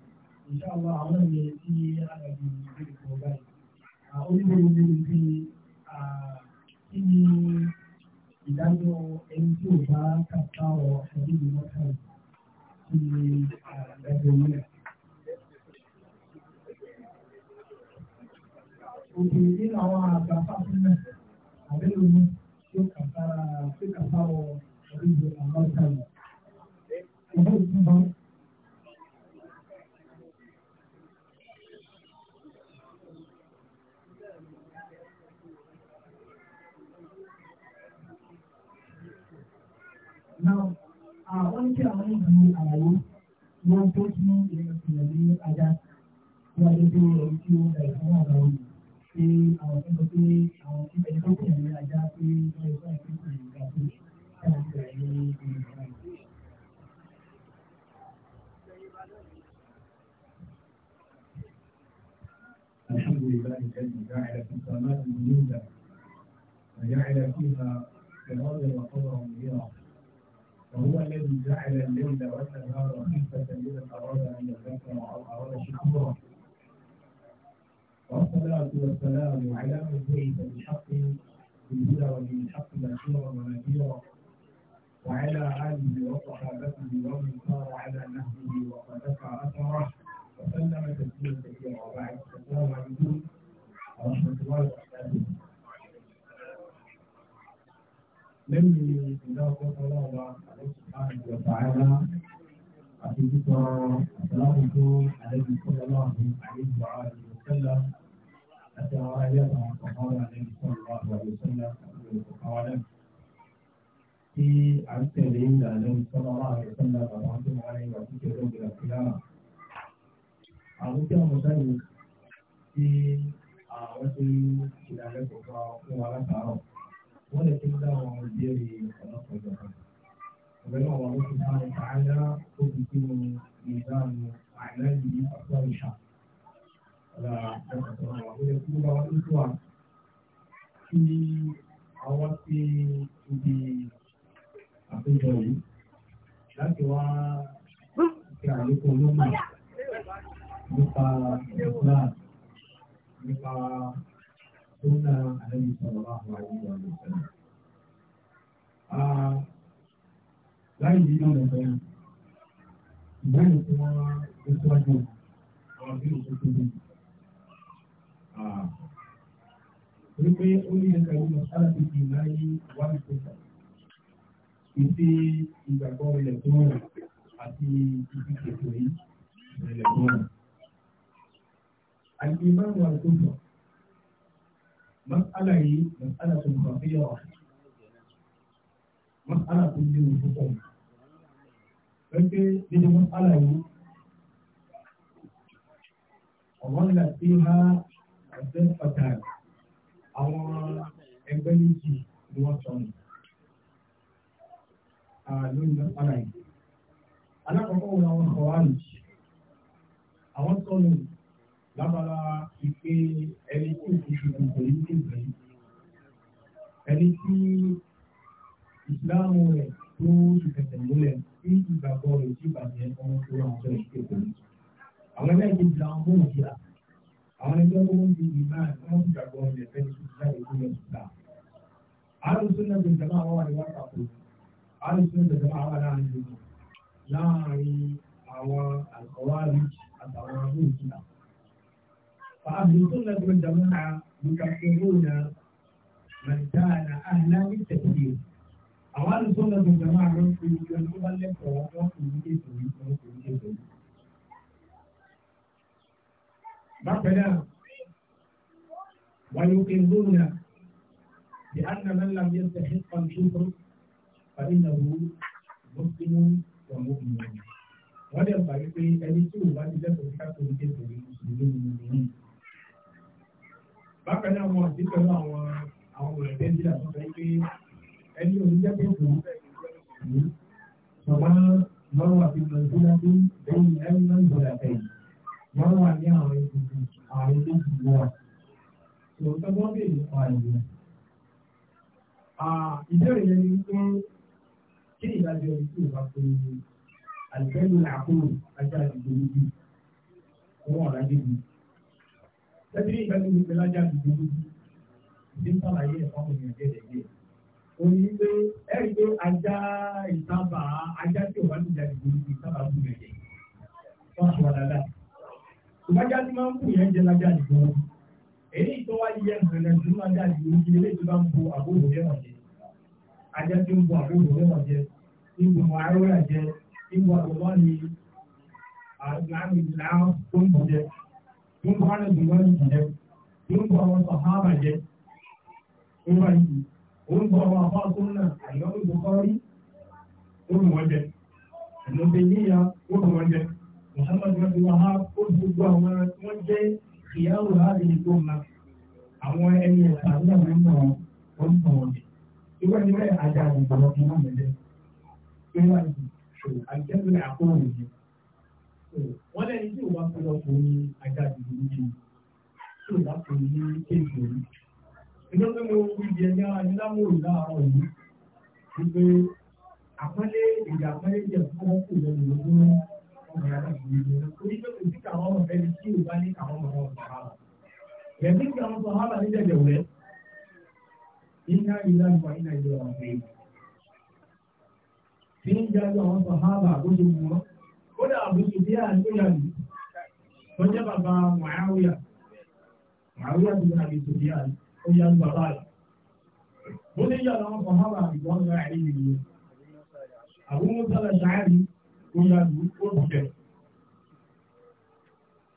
insha Allah àwọn náà ní tí a gbàgbé في الأرض مديرا وهو الذي جعل الليل والنهار خلفة لمن أراد أن يذكر أو أراد شكورا والصلاة والسلام على من بعث بالحق بالهدى وبالحق بشيرا ونذيرا وعلى آله وصحابته ومن سار على نهجه وقدفع أثره وسلم تسليما كثيرا وبعد السلام عليكم ورحمة الله وبركاته lẹ́yìn ìdá ọgọ́ta ọlọ́ọ̀bá àti ọ̀tàrà àti títọ́ àtàláwùjọ àlejò sọ́lọ́lá àti àlejò àlejò sẹ́lá àti àwọn ayé àwọn ọ̀kọ̀ọ̀kan wà lẹ́yìn sọ́lọ́lá àti àlejò sẹ́lá àti ọ̀kọ̀ọ̀kan wà Tí a ń tẹ̀lé ìlànà ìgbà fún wa látàárọ̀ wanda ke da wa jere kwanakwai gaba. Wani wa wasu ta'ala ta'ala ko bikin nizam ma'anar biyu a kwan sha. Ala da kasuwa wa wani kuma wani zuwa kí àwọn tí ibi àpéjọ yìí láti wá ṣe àlékún olómọ̀ nípa ìgbà nípa sunna ànábì sallallahu alaihi wa sallam. láì yí náà lọ bẹ́ẹ̀ ìbéèrè tí wọ́n ń tọ́jú àwọn bí òkú tóbi. wípé ó ní ẹ̀ka ìlú mọ̀sálà tó ti láyé wá ní kókà ìfi ìgbàgbọ́ ilẹ̀ tó rẹ̀ àti ìfi kètò yìí ilẹ̀ tó rẹ̀. àìsí báwo àìsókò mas'ala yìí mas'ala tó nǹkan fi yọ̀ mas'ala tó léwu púpọ̀ pẹ́pẹ́ nínú mas'ala yìí ọ̀wọ́n là sí ha ọ̀sẹ̀ pàtàkì àwọn ẹgbẹ́ méjì ni wọ́n sọ nù lórí mas'ala yìí alákọ̀ọ́kọ́ wọn àwọn kọ̀wárì àwọn sọ nù lábala ìpé ẹni tí ó ti ṣùgbọ́n pẹ̀lú kébìrì ẹni tí ìsìláàmù rẹ̀ tó ṣùgbẹ̀tẹ̀ múlẹ̀ tí ìgbàgbọ́ rẹ̀ tí ìbàjẹ́ ọmọ tó rà ọjọ́ ìkébìrì àwọn ẹgbẹ́ ìdíje àwọn ọmọ òjìlá àwọn ẹgbẹ́ ọmọ òjì ìgbà wọn ti gbàgbọ́ rẹ̀ fẹ́ ṣùgbọ́n ìkúlẹ̀ ṣùgbà àrùsùn náà gbẹ̀gbẹ̀ máa wà ní wákàtí àrùsùn gbẹ̀gbẹ̀ máa wà láàrin láàrin àwọn àkọwárí àtàwọn ọmọ فأهل السنة والجماعة يكفرون من كان أهلا للتكفير àwọn àlùsọ́nà tó jẹ́ máa lọ sí ìjọ tó bá lẹ́kọ̀ọ́ wọn kò ní ètò yìí wọn kò ní ètò yìí. bákan náà wọ́n yóò kí n lóun náà bí a nà lọ́la bí ẹ tẹ̀sí kan tó tó parí náà wò ó kí ní wọ́n mú mi wọ́n. wọ́n dẹ̀ fà wípé ẹni tí òun bá ti lẹ́kọ̀ọ́ ká tó ní ètò yìí ìlú mi nìyí bákan náà wọn àti pẹ̀lú àwọn àwọn ẹ̀rẹ́ bí àtúntò pé ẹni oníjẹ́ pé kò ṣọ̀gbọ́n lọ́wọ́ àti nàìjíríàdé lẹ́yìn ẹ̀rọ ìgbọ̀dà ẹ̀yìn wọ́n wà ní àwọn ìgbìmọ̀ àwọn ilé ìgbìmọ̀ wa tòótọ́ wọ́n béèrè fún àìyẹ. ìbéèrè yẹn ni pé kí ni ìdájọ́ ikú ìwà pé àìsẹ́yìn àkóò ajá ìgbèrè yìí wọ́n wà lágbègbè. Lẹ́tí ìfẹ́ tó ń gbé lájà dùdú ní sàlàyé ẹ̀fọ́ òyìn ẹ̀dẹ́gbẹ̀. O ní pé ẹ rí pé ajá ìsábà ajá tí ò bá ní ìjà dùdú ní ìsábà kú yẹn jẹ. Wọ́n sọ dáadáa. Ìbájá tí máa ń kú yẹn jẹ lájà dùdú. Èyí tó wá yẹ ìrìnlẹ̀ tó máa dà dùdú kí ilé tó bá ń bo àbúrò mẹ́wọ̀n jẹ. Ajá tí ń bo àbúrò mẹ́wọ̀n jẹ. Ìgbìmọ̀ àrọ́rà tí gbogbo àwọn wọ́n jẹ́ ìyáwó àwọn ẹni jẹ ìwé ni wọ́n àjà àgbàlọ́ ti máa mẹ́lẹ́ nígbà yìí àjẹ́bí àkóhùn yìí wọ́n lẹ́ni tí ò bá fi lọ fún ní àjáde ìlú yìí tí ò bá fi ní kéèkì òní. Iná tó mo fi di ẹni ara ní lámòrò láàárọ̀ yìí wípé àpọ́nlé ìjà àpọ́nlé jẹ́ fún ọkọ̀ lẹ́nu lógún ọmọ yàrá ìlú yìí. Orí pé kò sí káwọn ọmọ ẹni tí ò bá ní káwọn ọmọ ọmọ sàrà. Yẹ̀mí kí àwọn sọ̀rọ̀ àbá níjẹ̀ jẹ̀wẹ̀. Iná ìlà ìwà iná ìlú ọ̀rọ̀ pé. Fi ń jáde àwọn sọ̀rọ̀ àbá àgbójúmọ́ kódà àbúrò bí àyíkóyà yìí wọ́n jẹ́ bàbá mọ̀háwíyà mọ̀háwíyà tó ní àbí tòbí àyí ó yá ní bàbá rẹ̀ ó ní yàrá wọn fọmọ́ bá àbí wọn rẹ̀ àyè nìyí àbúrò sọlá ṣáàrí ó yá ní ó ti bẹ̀.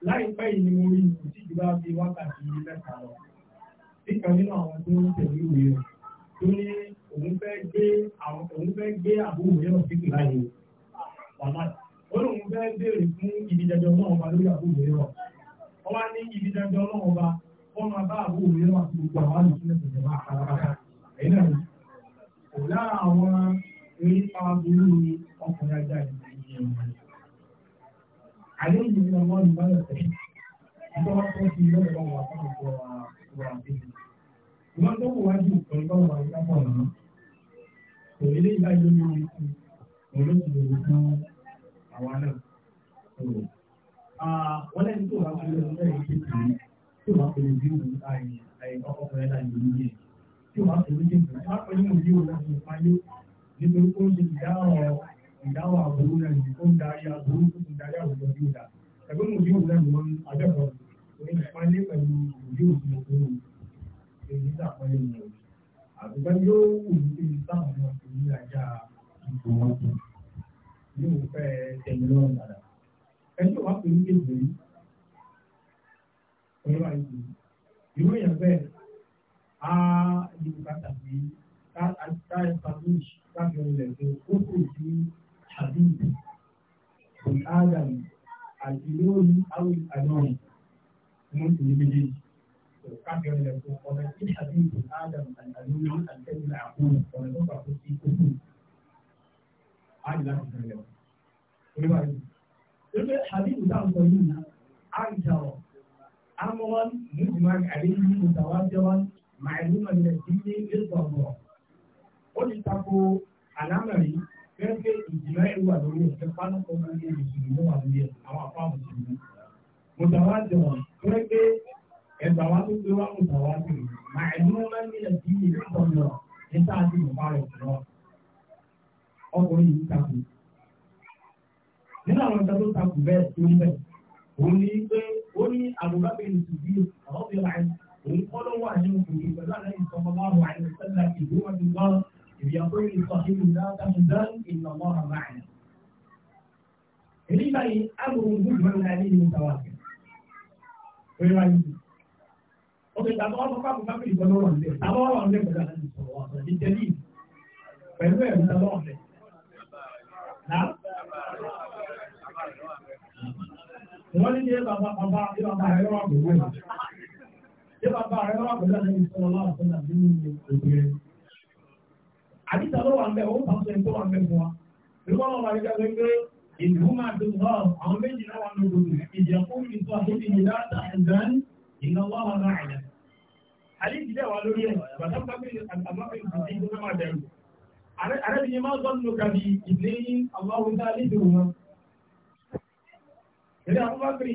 láìpẹ́ yìí ni mo rí ìlú tí ìjọba fi wákàtí mẹ́ta lọ síkan nínú àwọn tó ń tẹ̀lé ìwé rẹ̀ tó ní òun fẹ́ gbé àbúrò yẹn lọ sí ìlú láyé olóhùn fẹ́ béèrè fún ibi dandan lórí àbúrò rẹ̀ wọ́n wá ní ibi dandan wọ́n máa bá àbúrò rẹ̀ àti gbogbo àwọn àlùfẹ́ ìjọba ìjọba ẹ̀yìn náà ni kò lára àwọn eré aburú ni ọkùnrin ajá ìlú àlẹ́ yìí ni ọmọ ìgbà lọ́sẹ̀ ìjọba tó ti lọ́dọ̀ wà fún ọ̀pọ̀ àwọn àbẹ̀yẹ ìwọ́n tó wù wájú ìkànnì bá wà ní kápọ̀ náà kò lè lè bá yọ ní orí kù òun ló ti lè wò fún àwa náà. Ah, wọ́n lẹ́ni tó bá fi lọ́wọ́ lẹ́yìn kékeré tí wọ́n fi lè bí ọkùnrin náà yìí yìí tí wọ́n fi lè bí ọkùnrin náà pẹ̀lú òbí òun àti ìpáyé nítorí ó ṣe ìdáhùn ìdáhùn àbúrú náà yìí ó ń darí àbúrú tó ń darí àwùjọ bí òdà. Ẹgbẹ́ òbí òun náà ni wọ́n adẹ́kọ̀ọ́ ìpáyé pẹ̀lú òbí sáwọn ọmọ ìlú àjà ìgbòho bí mo fẹ́ tẹ̀yìn lọ́rùn dáadáa. ẹni tó wá pè ní kéde yìí ọ̀rọ̀ wa yìí ìwé yẹn bẹ́ẹ̀ á yí bùkátà sí ká establish káfíń ilẹ̀ tó ó kò sí habib bin adam àti lórí awil anon mo sì ní méjèèjì káfíń ilẹ̀ tó ọ̀nà tí habib bin adam àti lórí àti ẹ̀yìn tó bá sí kókó àyè láti tẹ̀lé ọ. Oníwà yìí. Ebi Habibu dáhùn sọ yìí náà, àyíjà ọ̀. Amọ̀wọ́n níbi máa kàlẹ́ yìí ní ìtàwájọ́wọ́n màá ní ma lè di ní ìtọ̀gbọ̀. Ó ti tako àlámàrí bẹ́ẹ̀ pé ìjìnlẹ̀ ìlú wà lórí ẹ̀kẹ́ pálọ̀kọ̀ ọkùnrin yìí takù nínú àwọn ìgbà tó takù bẹ́ẹ̀ tó ń bẹ̀ òun ní pé ó ní àbúgbàgbé ní tìbí àwọn bí wàá òun kọ́ ló wà nínú ìlú pẹ̀lú àlẹ́ ìsọmọ bá wà ní sẹ́lá ìlú wọn ti gbọ́ ìyàpọ̀ ìlú sọ̀hìn ìlú dáadáa dán ìnáwó àmà ẹ̀. èyí báyìí àbùrù ń gbúdúrà ní alẹ́ ìlú tàwa kẹ́. òye wa yìí òkè tàbí wọn fọwọ́ àbúgbàgbé ìgbọ́n lọ́rọ̀ ń lẹ̀ tàbí wọn lọ́rọ̀ ń lẹ̀ pẹ̀lú àlẹ́ ìsọmọ Wọ́n ní ṣe bàbá bàbá bàbá rẹ̀ wà pẹ̀lú ẹ̀. Ṣé bàbá rẹ̀ wà pẹ̀lú ẹ̀ sọ̀rọ̀ láwọn fún àbí nínú òbí rẹ̀? Àdìsá ló wà ń bẹ̀, ó bá sọ ètò wà ń bẹ̀ fún wa. Ìgbọ́n náà wà ní kẹ́kẹ́ pé ìlú máa tó sọ àwọn méjì náà wà lóru ìjà fún mi sọ níbi ìlà àtàkùn ìlà wà wà náà àyà. Àdìsí Àrẹ́bí ni máa zọ́nù kàbí ìdílé yìí àwọn ọ̀dá lédè wọn. Ìdí àwọn bá bèrè,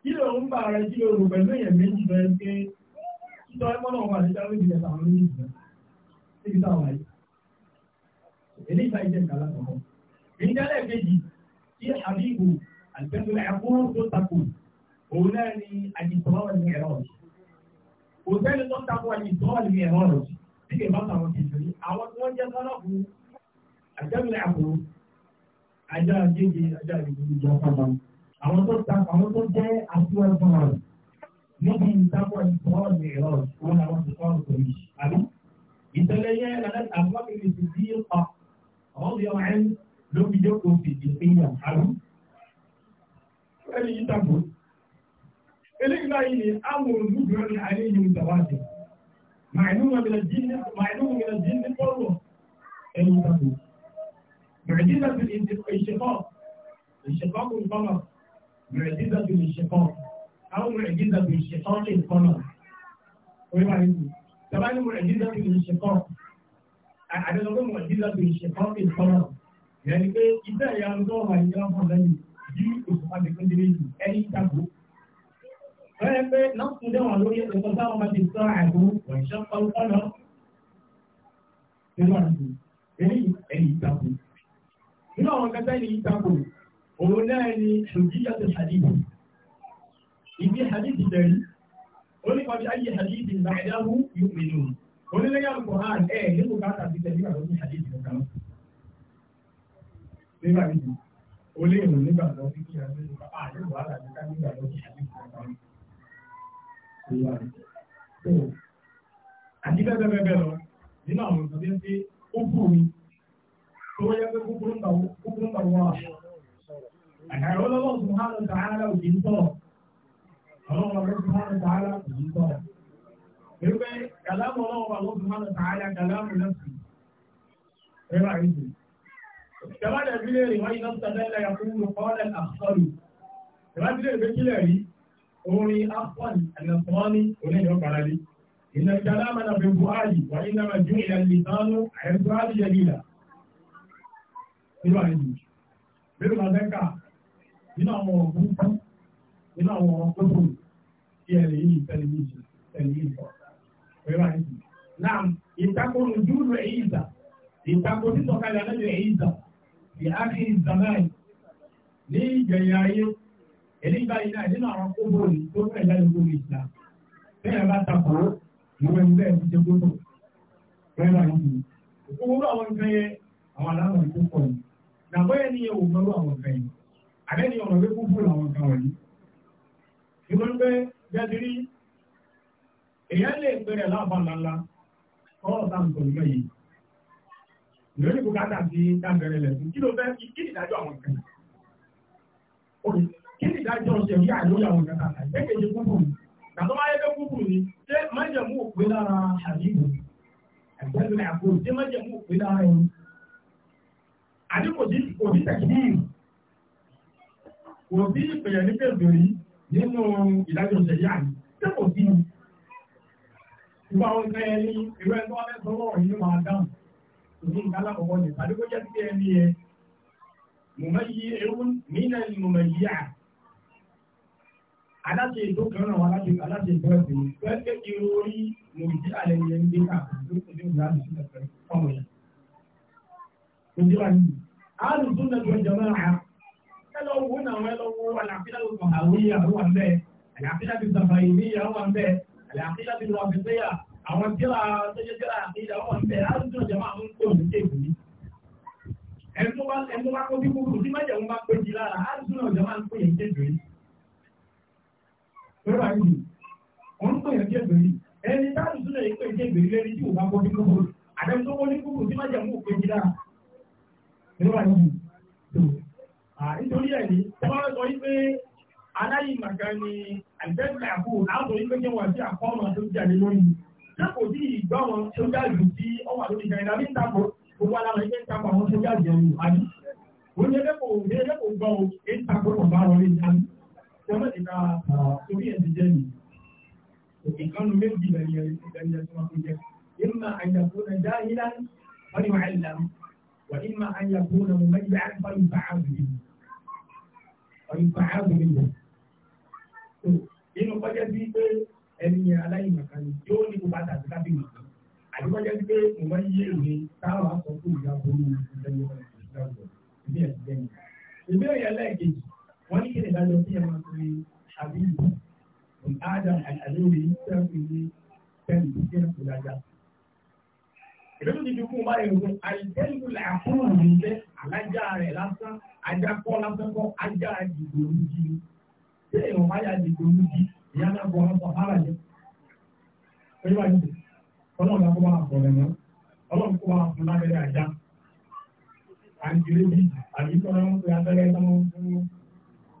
kí ló ń bá ara kí ló rò pẹ̀lú èèyàn méjì lọ pé títọ́ ẹgbọ́n náà wà nígbà méjì lẹ́ta àwọn méjì lọ. Síbi táwọn ayé. Èlé ìta ìjẹ́ ìkàlá sọ̀kọ́. Ìjẹ́lẹ̀ kejì, kí Habibu àgbẹ̀tò ẹ̀kún tó takò, òun náà ni àjìtọ́wọ́ ni ẹ̀rọ. Òṣèlú tó takò àjìtọ́wọ́ ni ẹ̀rọ rẹ̀ tí kì í bá sàwọn kìtìrí àwọn tí wọ́n jẹ́ sọ́lọ́kù àjẹ́mìlẹ̀ àbúrò ajá jíjì ajá ìgbìmọ̀ ìjọ sábà àwọn tó ta àwọn tó jẹ́ àtúwọ̀n sọ̀rọ̀ níbi ìtakọ̀ ìfọ̀rọ̀ ní ìrọ̀ wọn làwọn ti sọ̀rọ̀ pẹ̀lú àbí ìtẹ̀lẹ̀ yẹn lẹ́nà àbúrò kìí ti di pa ọ̀rọ̀ yọ ẹ̀ ló fi jókòó fi ìpínyà àbí ẹni ní àlẹ́ yìí ń tàwájú معلومة من الجن معلومة من الجن قرر المتقوى معجزة الانشقاق انشقاق القمر معجزة الانشقاق أو معجزة انشقاق القمر ويبعد طبعا معجزة الانشقاق àdẹ́lọ́gbọ́n mọ̀ sí láti ìṣẹ̀kọ́ ìfọ́nà yẹni pé iṣẹ́ ìyá ọdún ọmọ ìyá ọmọ lẹ́yìn bí òṣùpá ti pín dé méjì ẹni ìtàgbó Ẹ̀rẹ́ pé náà tún dé wọn lórí ẹ̀sẹ̀ tó bá wọn ti sọ àgbo ọ̀ṣọ́ pọ́npọ́nà. Nínú àti eléyìí ẹ̀yìn ìtàkù. Nínú àwọn kẹta ẹ̀yìn ìtàkù, òun náà ni ṣòjíyà ti hadithi. Ìgbé hadithi bẹ̀rù. Ó ní kọjá ayé hadithi ba'dahu yu'minun. Onílẹ̀yà Kùhán ẹ̀ nínú káàtà ti tẹ̀lé àwọn ní hadithi kankan. Nígbà yìí, olè ìrùn nígbà lọ sí kí a lè wà á ní wàhálà nígbà lọ sí hadithi àti bẹ́ẹ̀ bẹ́ẹ̀ bẹ́ẹ̀ lọ nínú àwọn nǹkan tí ń pé ó bù mí tó yẹ pé kúkúrú ń bà wọ́n àṣọ. Àkàrà ọlọ́wọ́ Subhanahu Ta'ala òjì ń tọ̀. Ọlọ́wọ́ ọlọ́wọ́ Subhanahu Ta'ala òjì ń tọ̀. Ewé kàlámù ọlọ́wọ́ ọlọ́wọ́ Subhanahu Ta'ala kàlámù lẹ́sìn. Ẹ̀rọ àìsí. Ìjọba dàbí lè rí wáyé náà sọ orin afọ́nì àlẹ́sọ́ọ́nì oníyàn faralé ìnà ìjàlámà náà fi buhari wà ní náà jù ìyà lìtánú àyẹ̀sọ́ àdìyẹ gíga nínú àyẹ̀sọ́ bẹ́ẹ̀ máa mẹ́ka nínú àwọn ọ̀gbọ́n fún nínú àwọn ọ̀gbọ́n tí ẹ̀ lè yí tẹlifíṣì tẹlifíṣì fọ́ bẹ́ẹ̀ máa yẹ̀sọ́ náà ìtakùn júlù ẹ̀yíṣà ìtakùn títọ́kalẹ̀ alẹ́ ẹ̀yíṣà ìhàkì ìzàmáì ní ìgbẹ̀yà ayé èyí báyìí náà nínú àwọn kókó ní tó fẹ́ jáde lórí ìgbà bẹ́ẹ̀ bá takò ìwé ìwé ẹ̀ ti ṣe gbọ́dọ̀ bẹ́ẹ̀ bá yìí ni òkúrú àwọn nǹkan yẹn àwọn aláwọ̀ ìkó pọ̀ ní nàbọ́ yẹn ni yẹn ò mọ́rú àwọn nǹkan yẹn àbẹ́ ni ọ̀rọ̀ wípé fún àwọn nǹkan wọ̀nyí. ìwọ́n pé jẹ́sírí èèyàn lè pèrè láàbàlálá ọ̀rọ̀ sáǹtọ̀ kí ni ìdájọ́ ṣẹ̀rí àlórí àwọn ìgbàta àìgbẹ́kẹ̀jẹ kúkúrú tàbí wáyé pé kúkúrú ni ṣé májẹ̀mú òpin lára àdìgbò ẹ̀gbẹ́gbẹ́ àpò ṣé májẹ̀mú òpin lára ẹni àdìgbò sí òbí tẹ̀kíníì kò sí ìpìlẹ̀ ní pẹ̀lú nínú ìdájọ́ ṣẹ̀rí àyè ṣé kò sí ni ìwà ọ̀gá ẹni ìwé ẹni tó wá aláṣẹ ìlú kan náà wọn aláṣẹ aláṣẹ ìlú ẹ̀kọ́ pẹ́ pé irú orí mòjì àlẹ́ yẹn ń gbé káàkiri ló ń gbé àlùsí lẹ́sẹ̀ fọmọ yẹn. Ojú wa ni àlùsí lẹ́sẹ̀ ìjọ náà rà ẹ lọ wo náà ẹ lọ wo àlàáfíà ló kàn àwọn ìyá àwọn àmì bẹ́ẹ̀ àlàáfíà ti sàfà ìní ìyá àwọn àmì bẹ́ẹ̀ àlàáfíà ti lọ àfi sẹ́yà àwọn tíra tẹ́jẹ́ tíra àti ìyá àwọn àmì bẹ́ẹ̀ àlùsí lẹ́sẹ̀ máa ń kó ní tèbùlì. Ẹnu wa kó bí kúkú tí má jẹun bá pé jì lára àlùsí lẹ́sẹ̀ máa ń kó yẹn tèbùlì. pẹ̀lú àìní wọ́n ń pè é jẹ́gbẹ̀rí ẹni táàlù sílẹ̀ yìí pè é lẹ́ni tí òun akọ́ ní kúkúrú àdéhùn tó wọlé kúkúrú tí máa jẹ̀mú òkè jìlá pẹ̀lú àìní nítorí ẹ̀ ní sọ wípé aláìmàkà ni àìsẹ́gbẹ̀ àpò àwọn ìgbẹ́jẹ̀ wà sí ìgbà wọn tí ó wà lórí gbogbo aláwọ̀ ẹgbẹ́ àwọn Tẹ́mọ̀ ìlà torí ẹ̀ ti jẹ́ mi. Ìkànnì méjì lẹ́yìn ìdánilẹ̀ tó máa fi jẹ́. Ìmọ̀ àyàkó na dáhìlá wọ́n ni wàá ìlà wà ìmọ̀ àyàkó na mo máa yà bá ìbá àbùrì. Ìbá àbùrì wọ̀. Inú kọjá wọ́n ní kí ni ìdájọ́ tí ẹ máa fi àbíyù ìdájà àlẹ́rẹ́ sẹ́ẹ̀fì ní pẹ́ẹ́lú tí ẹ kò dájà. ìdókòtò ti fi kún un báyìí lóko àìsẹ́yìnbó làkúrò nílé alájà rẹ̀ lásán ajakọ́ lásán kọ́ ajá dìgbò lójì tí èèyàn bá yà dìgbò lójì ìyá náà bọ̀ ọ́n sọ fara jẹ́. ó yẹ yìí ọlọ́run kó bá fọ̀ rẹ̀ mọ́ ọlọ́run kó bá fọ̀ lábẹ́rẹ́ àjá àǹtí lé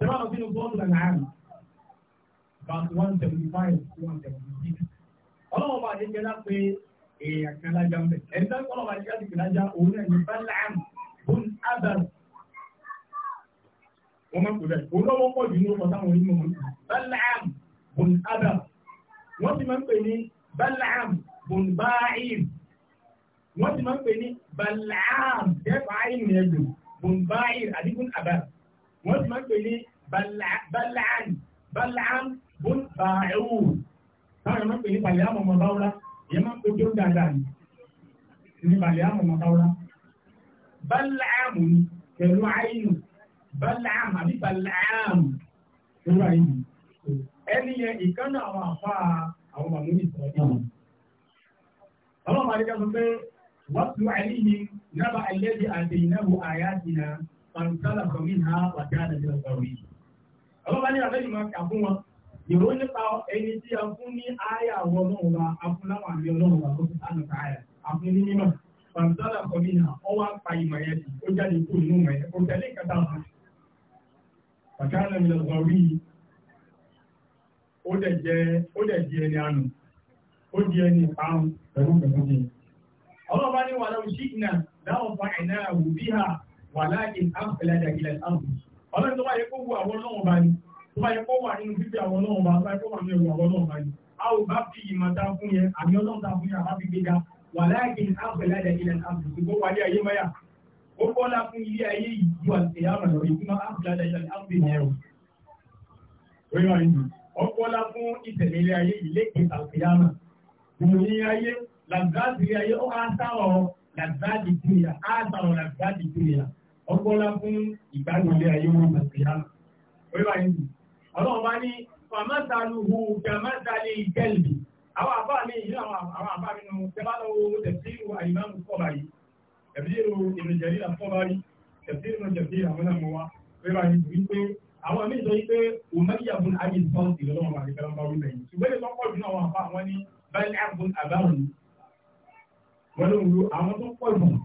Quran of Tinubu Al-Am, verse one seventy five to one seventy six. Ọlọ́run bá jẹ́ jẹ́lá pé èèyàn kan lájá ń bẹ̀. Ẹ̀dá ọlọ́run bá jẹ́ jẹ́ lájá òun náà ní Balaam bun Adam. Wọ́n máa ń pè bẹ́ẹ̀. Òun lọ́wọ́ pọ̀ jù ní ọkọ̀ táwọn onímọ̀ wọn. Balaam bun Adam. Wọ́n ti máa ń pè ní Balaam bun Ba'im. Wọ́n ti máa ń pè ní Balaam. Jẹ́ Ba'im yẹn dùn. Bun Ba'im àdínkù Abba. Wọ́n ti máa ń pè ní balaam balaam bun bàáwù táwọn ọmọ pè ní balaam ọmọ báwùlá ìyẹn máa ń pè tó dáadáa ni ní balaam ọmọ báwùlá balaam ni pẹ̀lú àìnù balaam àbí balaam pẹ̀lú àìnù ẹni yẹn ìkànnà àwọn àfa àwọn màmú ní ìsọ̀rọ̀ náà. ọlọ́run àdéhùn sọ pé wọ́n tu àìníyí nábà ẹlẹ́dì àti ìnáwó àyájìnà pàǹtálà kọ̀mí náà wà dáadáa ní ọlọ́ba ní àfẹ́ yìí máa kà fún wọn ìró nípa a fún ní àyà àwọn ọlọ́run a fún láwọn àmì ọlọ́run wa tó fi sánà ká àyà a fún ní mímọ̀ pàmìtọ́lá kọ́ mi náà ọwọ́ apá ìmọ̀ yẹn ti ó jáde kú inú mọ̀ yẹn kò tẹ̀lé kàtà wọn. bàtà náà mi lọ sọ rí ó dẹ̀ jẹ́ ó dẹ̀ di ẹni àná ó di ẹni ìparun pẹ̀lú pẹ̀lú jẹ. ọlọ́ba ní wàhálà òṣìkìnà dáhùn fa ọlọ́run tó bá yẹ kó wu àwọn ọlọ́run bá ní tó bá yẹ kó wà nínú fífi àwọn ọlọ́run bá tó bá yẹ kó wà nínú àwọn ọlọ́run bá ní a ò bá fi ìmọ̀ ta fún yẹn àmì ọlọ́run ta fún yẹn àbá fi gbé ga wà láàkì ní àpè ládàá ilẹ̀ àbùkù gbogbo wà ní ayé mẹ́yà ó kọ́ la fún ilé ayé yìí ju àtẹ̀yà rẹ̀ lọ́rí fún àpè ládàá ilẹ̀ àbùkù yẹn o. ó kọ́ la fún ìtẹ̀lé ilé ayé yìí lékè àtẹ̀yà rẹ̀ ìròyìn ayé làgbáàdì ayé ó á sáwọ̀ làgbáàdì tó yà á sáwọ̀ làgbáàdì tó yà ọgbọ́lá fún ìgbàlódé ayé wọn nàìjíríà wíwá yìí ọlọ́run bá ní fàmátàlùhù gàmátàlì gẹ́lì àwọn àbá mi yìí àwọn àbá mi nù tẹ́bálọ́wọ́ tẹ̀síru àìmáàmù kọ́bà yìí tẹ̀síru ìrìnjẹ̀rí àkọ́bà yìí tẹ̀síru ìrìnjẹ̀rí àwọn náà mọ́ wa wíwá yìí wípé àwọn míì sọ wípé òmẹ́yà fún ayé sọ́ọ̀tì lọ́wọ́ àti kẹlẹ́mbà wílẹ̀ yìí ṣùgbọ́n ètò ọkọ̀ ìdùnnú àwọn àbá wọn ní bẹ́ẹ̀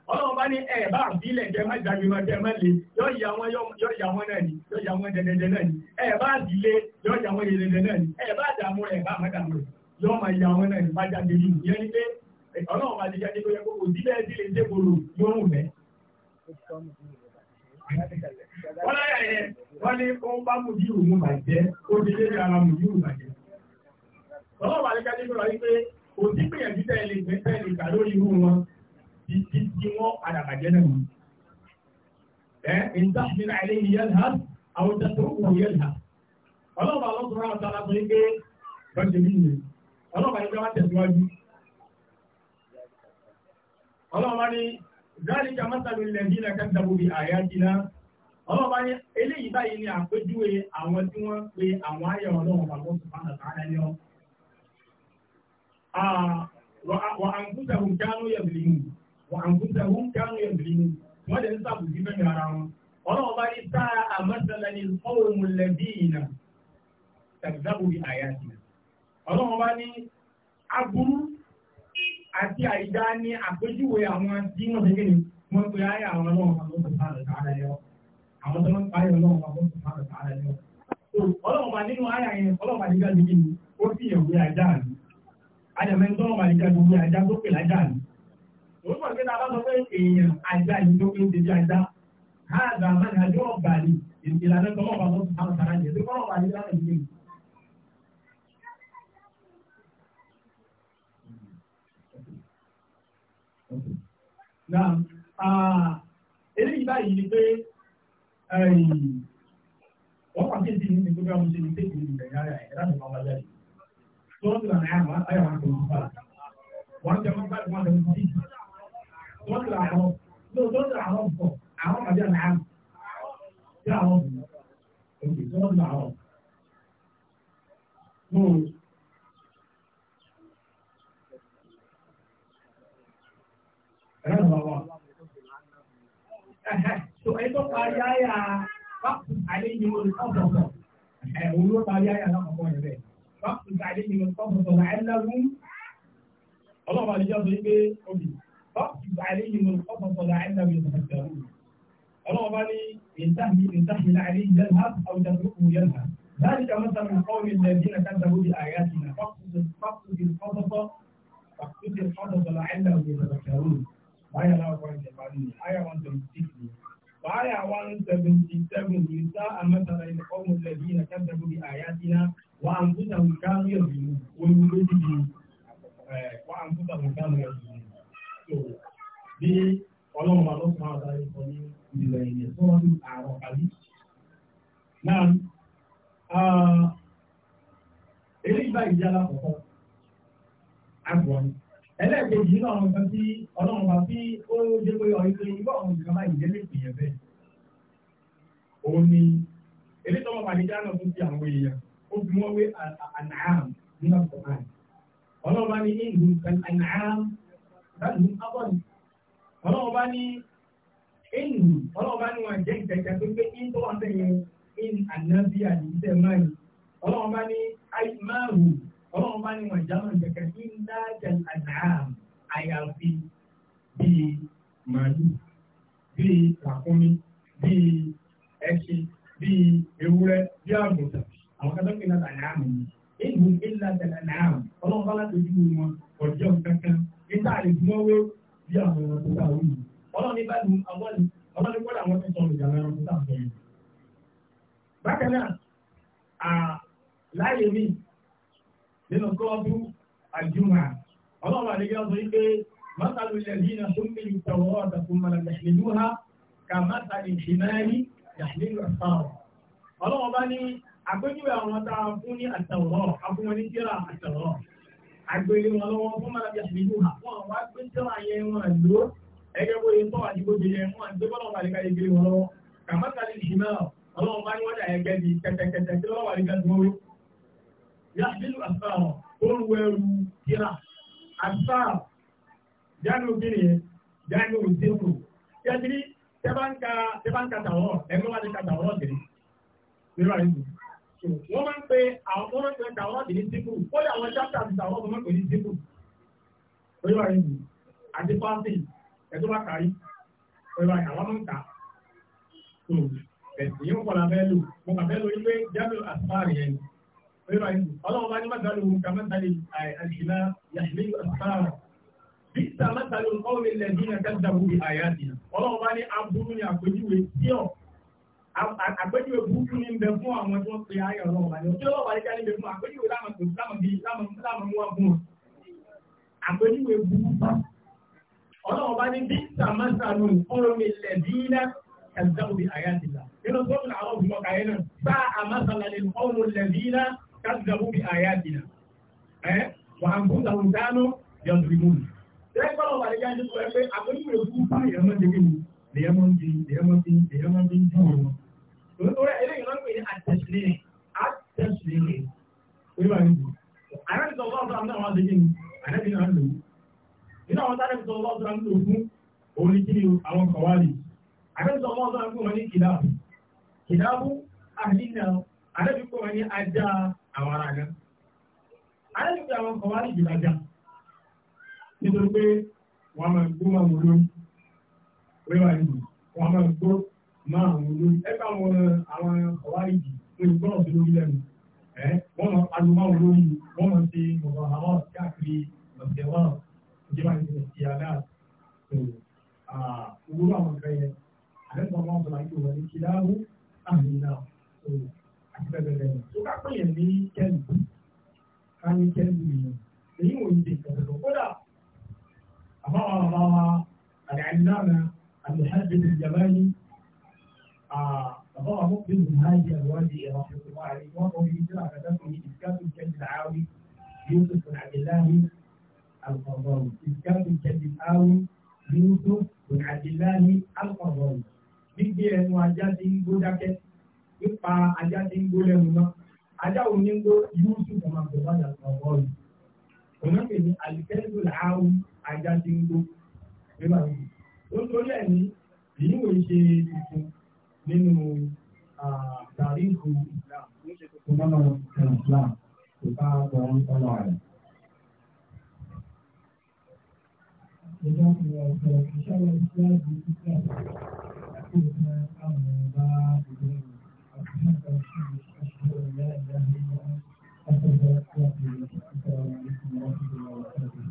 ọlọ́run bá ní ẹ̀bá àbílẹ̀ jẹmọ́ ìjàgbìmọ̀ jẹmọ́ lè yọ́ ìyá wọn náà ni yọ́ ìyá wọn dẹ̀dẹ̀dẹ̀ náà ni ẹ̀bá àdílé yọ́ ìyá wọn yẹ̀dẹ̀dẹ̀ náà ni ẹ̀bá àdàmú rẹ̀ ẹ̀bá àmọ́dàmú rẹ̀ yọ́ ma ìyá wọn náà ni bá jáde yìí yẹn ni pé ọlọ́run bá ti jáde pé kò dílé dílé dé gbòòrò yóò rùn mẹ́. wọ́n láyà yẹn wọ́n ní ó bá mú yìí òun bàjẹ́ ó ti lé ara mú yìí òun bàjẹ́. ọlọ́run bá ti jáde tí wọ́n padà bàjẹ́ náà ni. ẹ ìta nínú àìlè yẹlha àwọn tẹsán kò yẹlha. ọlọ́run àwọn tó rán àtàlà tó ń gbé bọ́sẹ̀ mi nìyẹn. ọlọ́run àyíká wa tẹ̀síwájú. ọlọ́run wa ní ذلك مثل الذين كذبوا بآياتنا ọlọ́ba ní eléyìí báyìí ni àpéjúwe àwọn tí wọ́n pe àwọn ayé ọlọ́run bàbá sùpánà sáárá ní ọ́. wà á ń kúta òun jáánú yẹ̀bìlì yìí wọ́n àǹkúṣe wọ́n kánú ẹ̀mí ni wọ́n lè ń sàbùsí fẹ́mi ara wọn. ọlọ́run bá ní sáà àmọ́sẹ̀lẹ̀ ní fọ́ọ̀mù lẹ́bí ìnà tàbí bí àyà sí. ọlọ́run bá ní aburú àti àìdá ní àpéjúwe àwọn tí wọ́n ṣe kéde wọ́n pe ayé àwọn ọlọ́run àwọn tó sáà lọ́ta ara yẹn àwọn tó ń parí ọlọ́run àwọn tó sáà lọ́ta ara yẹn. ọlọ́run bá nínú ayà yẹn ọlọ́run bá nígbà tó kéde ó fi hàn wí ajá mi. àjàmẹ́ńtọ́ ọlọ́run bá nígbà tó wí ajá tó pè lájà mi. Òun mọ̀ pé tàbá sọ pé èèyàn àìdá ìjọ pé ń ṣe bí àìdá. Káàdà máa ní àjọ ọ̀gbà ni ìlànà tọmọ bàbá tó sàmà sàrà jẹ pé kọ́nà wàlé lánàá ìdílé. Eléyìí báyìí ni pé wọ́n kàn sí ìdílé ní gbogbo àwọn ìṣẹ̀lẹ̀ ìṣẹ̀lẹ̀ ìṣẹ̀lẹ̀ ìyára ẹ̀ láti máa wájà yìí. Tó ń sọ̀rọ̀ ní àwọn àyàwó àti òṣùpá. Wọ́n jẹ́ wọ́n gbàgbọ́ wọn lọ sí ìdílé dọ́kítà Ọlọ́run àdìjọ́ sọ yí obì. فاقصد عليهم القصص لعلهم يتفكرون الله إن تهمل إن عليه يذهب أو تتركه يذهب. ذلك مثل القوم الذين كذبوا بآياتنا فاقصد فاقصد القصص فاقصد القصص لعلهم يتفكرون آية 176 آية 176 وآية 177 يساء مثلا القوم الذين كذبوا بآياتنا وأنفسهم كانوا يظلمون وأنفسهم كانوا يظلمون bí ọlọ́run bá lọ́sùn máa dárí sọ ní ìdílé ilẹ̀ tó wọ́n ní àrùn àbí. Náà eléyìí báyìí jẹ́ alákọ̀ọ́kọ́ àgbọ̀n. Ẹlẹ́ẹ̀kejì nínú àwọn nǹkan tí ọlọ́run bá fi ó jẹ́ pé ọ̀yìn pé irú àwọn nǹkan báyìí jẹ́ lè pèyàn bẹ́ẹ̀. Òun ni eléyìí tó wọ́n pàdé jáde náà tó ti àwọn èèyàn ó fi wọ́n wé ànàám nígbà kọ̀ọ̀kan. Ọlọ́run bá ní ìlú kan ànàám láti ní ọlọ́wọ́ bá ní ẹ̀yìn ọlọ́wọ́ bá ní wọn jẹ́ ìtẹ̀kẹ́ tó pé ní tó wọ́n tẹ̀yìn in ànábì àdìsẹ́ mẹ́rin ọlọ́wọ́ bá ní ayé márùn ọlọ́wọ́ bá ní wọn jámọ̀ ìtẹ̀kẹ́ ní dájà àdáàm àyàfi bíi màálù bíi ràkúnmí bíi ẹṣin bíi ewúrẹ́ bíi àgùntàn àwọn kan kí n náà tàyà àmì ẹ̀yìn ìlà tẹ̀lẹ̀ náà ọlọ́wọ́ láti ojú wọn ọjọ́ kankan níta àlejò sí àwọn ọmọ tó kàwé yìí ọlọ́run ní báyìí àwọn ọmọdé kọ́dà wọn ti sọ ìjà lẹ́nu tó kàwé yìí. bákan náà láyé mi nínú kọ́ọ̀dù àjùmọ̀ ọlọ́run àdéjọ́ sọ wípé mọ́tàlú ilẹ̀ yìí náà tó ń bí ìtọ̀wọ́ ọ̀dàkùn mọ̀lẹ́dẹ̀ẹ́dẹ́dúhà kà mọ́tàlú ìṣìnáyí yàtìlú fún ní àtàwọ̀ àfún ní kíra àtàwọ̀ agbèrè wọn lọ́wọ́ fún mọ́nàbí àbíjú hà wọn wá gbé tẹ́lá yẹn wọn lò ẹgẹ́ bó yẹ tọ́wà ní gbogbo yẹn wọn gbé bọ́lọ̀ wàlíkà yẹn gbé wọn lọ́wọ́ kàmọ́kàlì ìṣìmọ́ ọlọ́run bá ní wọ́n dà ẹgbẹ́ di kẹtẹkẹtẹ tí lọ́wọ́ wàlíkà tó wọ́wọ́ yàbílù àfàrọ̀ olùwẹ̀rù kíra àfàrọ̀ jáde òbírí jáde òsèkù kẹtìrí tẹ́bá ń ka tàwọ́ ẹgbẹ́ wà ní wọ́n máa ń pe àwọn ọmọ ẹgbẹ́ tàwọn láti ní síkù ó lè àwọn ṣáàtà àti tàwọn ọmọ ẹgbẹ́ ní síkù orí wa yìí àti pàṣẹ ẹ̀tọ́ bá kárí orí wa àwọn máa ń kà tó ẹ̀sìn yóò kọ́ la fẹ́ lò mo kà fẹ́ lò wípé jábẹ́ àtúbárì yẹn orí wa yìí ọlọ́run bá ní má dàlú ká má dàlú àìsìlá yàtìlẹ́ àtúbárì bí sàmásàlú ọ̀rẹ́ lẹ́dínà kẹ́sìdàbù àyàtì ọlọ́run bá ní aburú ni àpèjúwe tí ọ̀ àpéjúwe burúkú ní bẹ fún àwọn tó ń pe ayọ̀ ọ̀rọ̀ ọ̀bà ní ọjọ́ ọ̀bà ní jáde bẹ fún àpéjúwe láwọn tó láwọn bí láwọn mú wọn fún wọn. àpéjúwe burúkú ọlọ́wọ́ bá ní bí sàmásàlù fọ́ọ̀mì lẹ́dínà kàdáwò bí àyà ti là. nínú tó ń àwọn òbí ọkà yẹn náà sá àmásàlà ní fọ́ọ̀mù lẹ́dínà kàdáwò bí àyà ti là. ẹ wà á fún sàmùdánù yọ̀ọ̀dùnmù lèyàn máa ń di lèyàn máa ń di lèyàn máa ń di ń dùn wọn. Òwúrọ̀ eléyìí lọ́nà pé àtẹ̀sílẹ̀ àtẹ̀sílẹ̀ wíwá ní ìlú. Àrẹ́bí sọ lọ́wọ́ sọ́ra àwọn àdéjì ni àrẹ́bí náà ń lò ó. Nínú àwọn sáré sọ lọ́wọ́ sọ́ra ń lò fún òun ní kí ni àwọn kọ̀wálì. Àrẹ́bí sọ lọ́wọ́ sọ́ra ń fún wọn ní kìdáàbù. Kìdáàbù àdínà àrẹ́bí kọ́ wọn ní ajá àwọn ará gan. Àrẹ́bí àwọn kọ̀wálì jù lájà. Nítorí pé wọ́n máa gbó wọn lórí wíwá ìlú wọn máa gbó máa àwọn olórí ẹgbẹ́ àwọn àwọn ọ̀wá ìdì wọn ìgbọ́ ọ̀sẹ̀ lórí lẹ́nu ẹ wọ́n máa pariwo máa olórí wọ́n máa ṣe ọ̀rọ̀ àwọn káàkiri ọ̀sẹ̀ wọn ìjọba ìṣẹ̀lẹ̀ ti àdá òwúrọ̀ àwọn kan yẹn àdẹ́sọ̀ máa ń sọ láti wọ̀ ní kíláàbù àmì náà àti bẹ́ẹ̀ bẹ́ẹ̀ tó ká pè yẹn ní kẹ́lù ká ní kẹ́lù yẹn èyí wò ní ìdè ìkàtàkùn kódà àbáwọn àbáwọn àdàlẹ́ náà المحدث الجمالي فهو مقبل من هذه الوادي رحمه الله عليه وهو في مثل عقدته إسكات الكلب العاوي يوسف بن عبد الله القرضاوي إسكات الكلب العاوي يوسف بن عبد الله القرضاوي gbígbé ẹnu ajá tí ń gbó dákẹ́ pípa ajá tí ń gbó lẹ́nu náà ajá òun ní ń gbó yúùsù nítorí ẹ̀ èyí wò ṣe tuntun nínú tàríkù Islam ní ṣe tuntun lọ́nà Islam kò bá wọn ọ̀nà rẹ̀. Ìjọba ìwà ọ̀sẹ̀ ìṣẹ́wọ̀ Islam di títẹ̀ àti ìfẹ́ àwọn ọba ìgbẹ́ àti ìfẹ́ ṣe ìṣẹ́ ìyá ìyá ìyá ọ̀sẹ̀ ìṣẹ́ ìṣẹ́ ìṣẹ́ ìṣẹ́ ìṣẹ́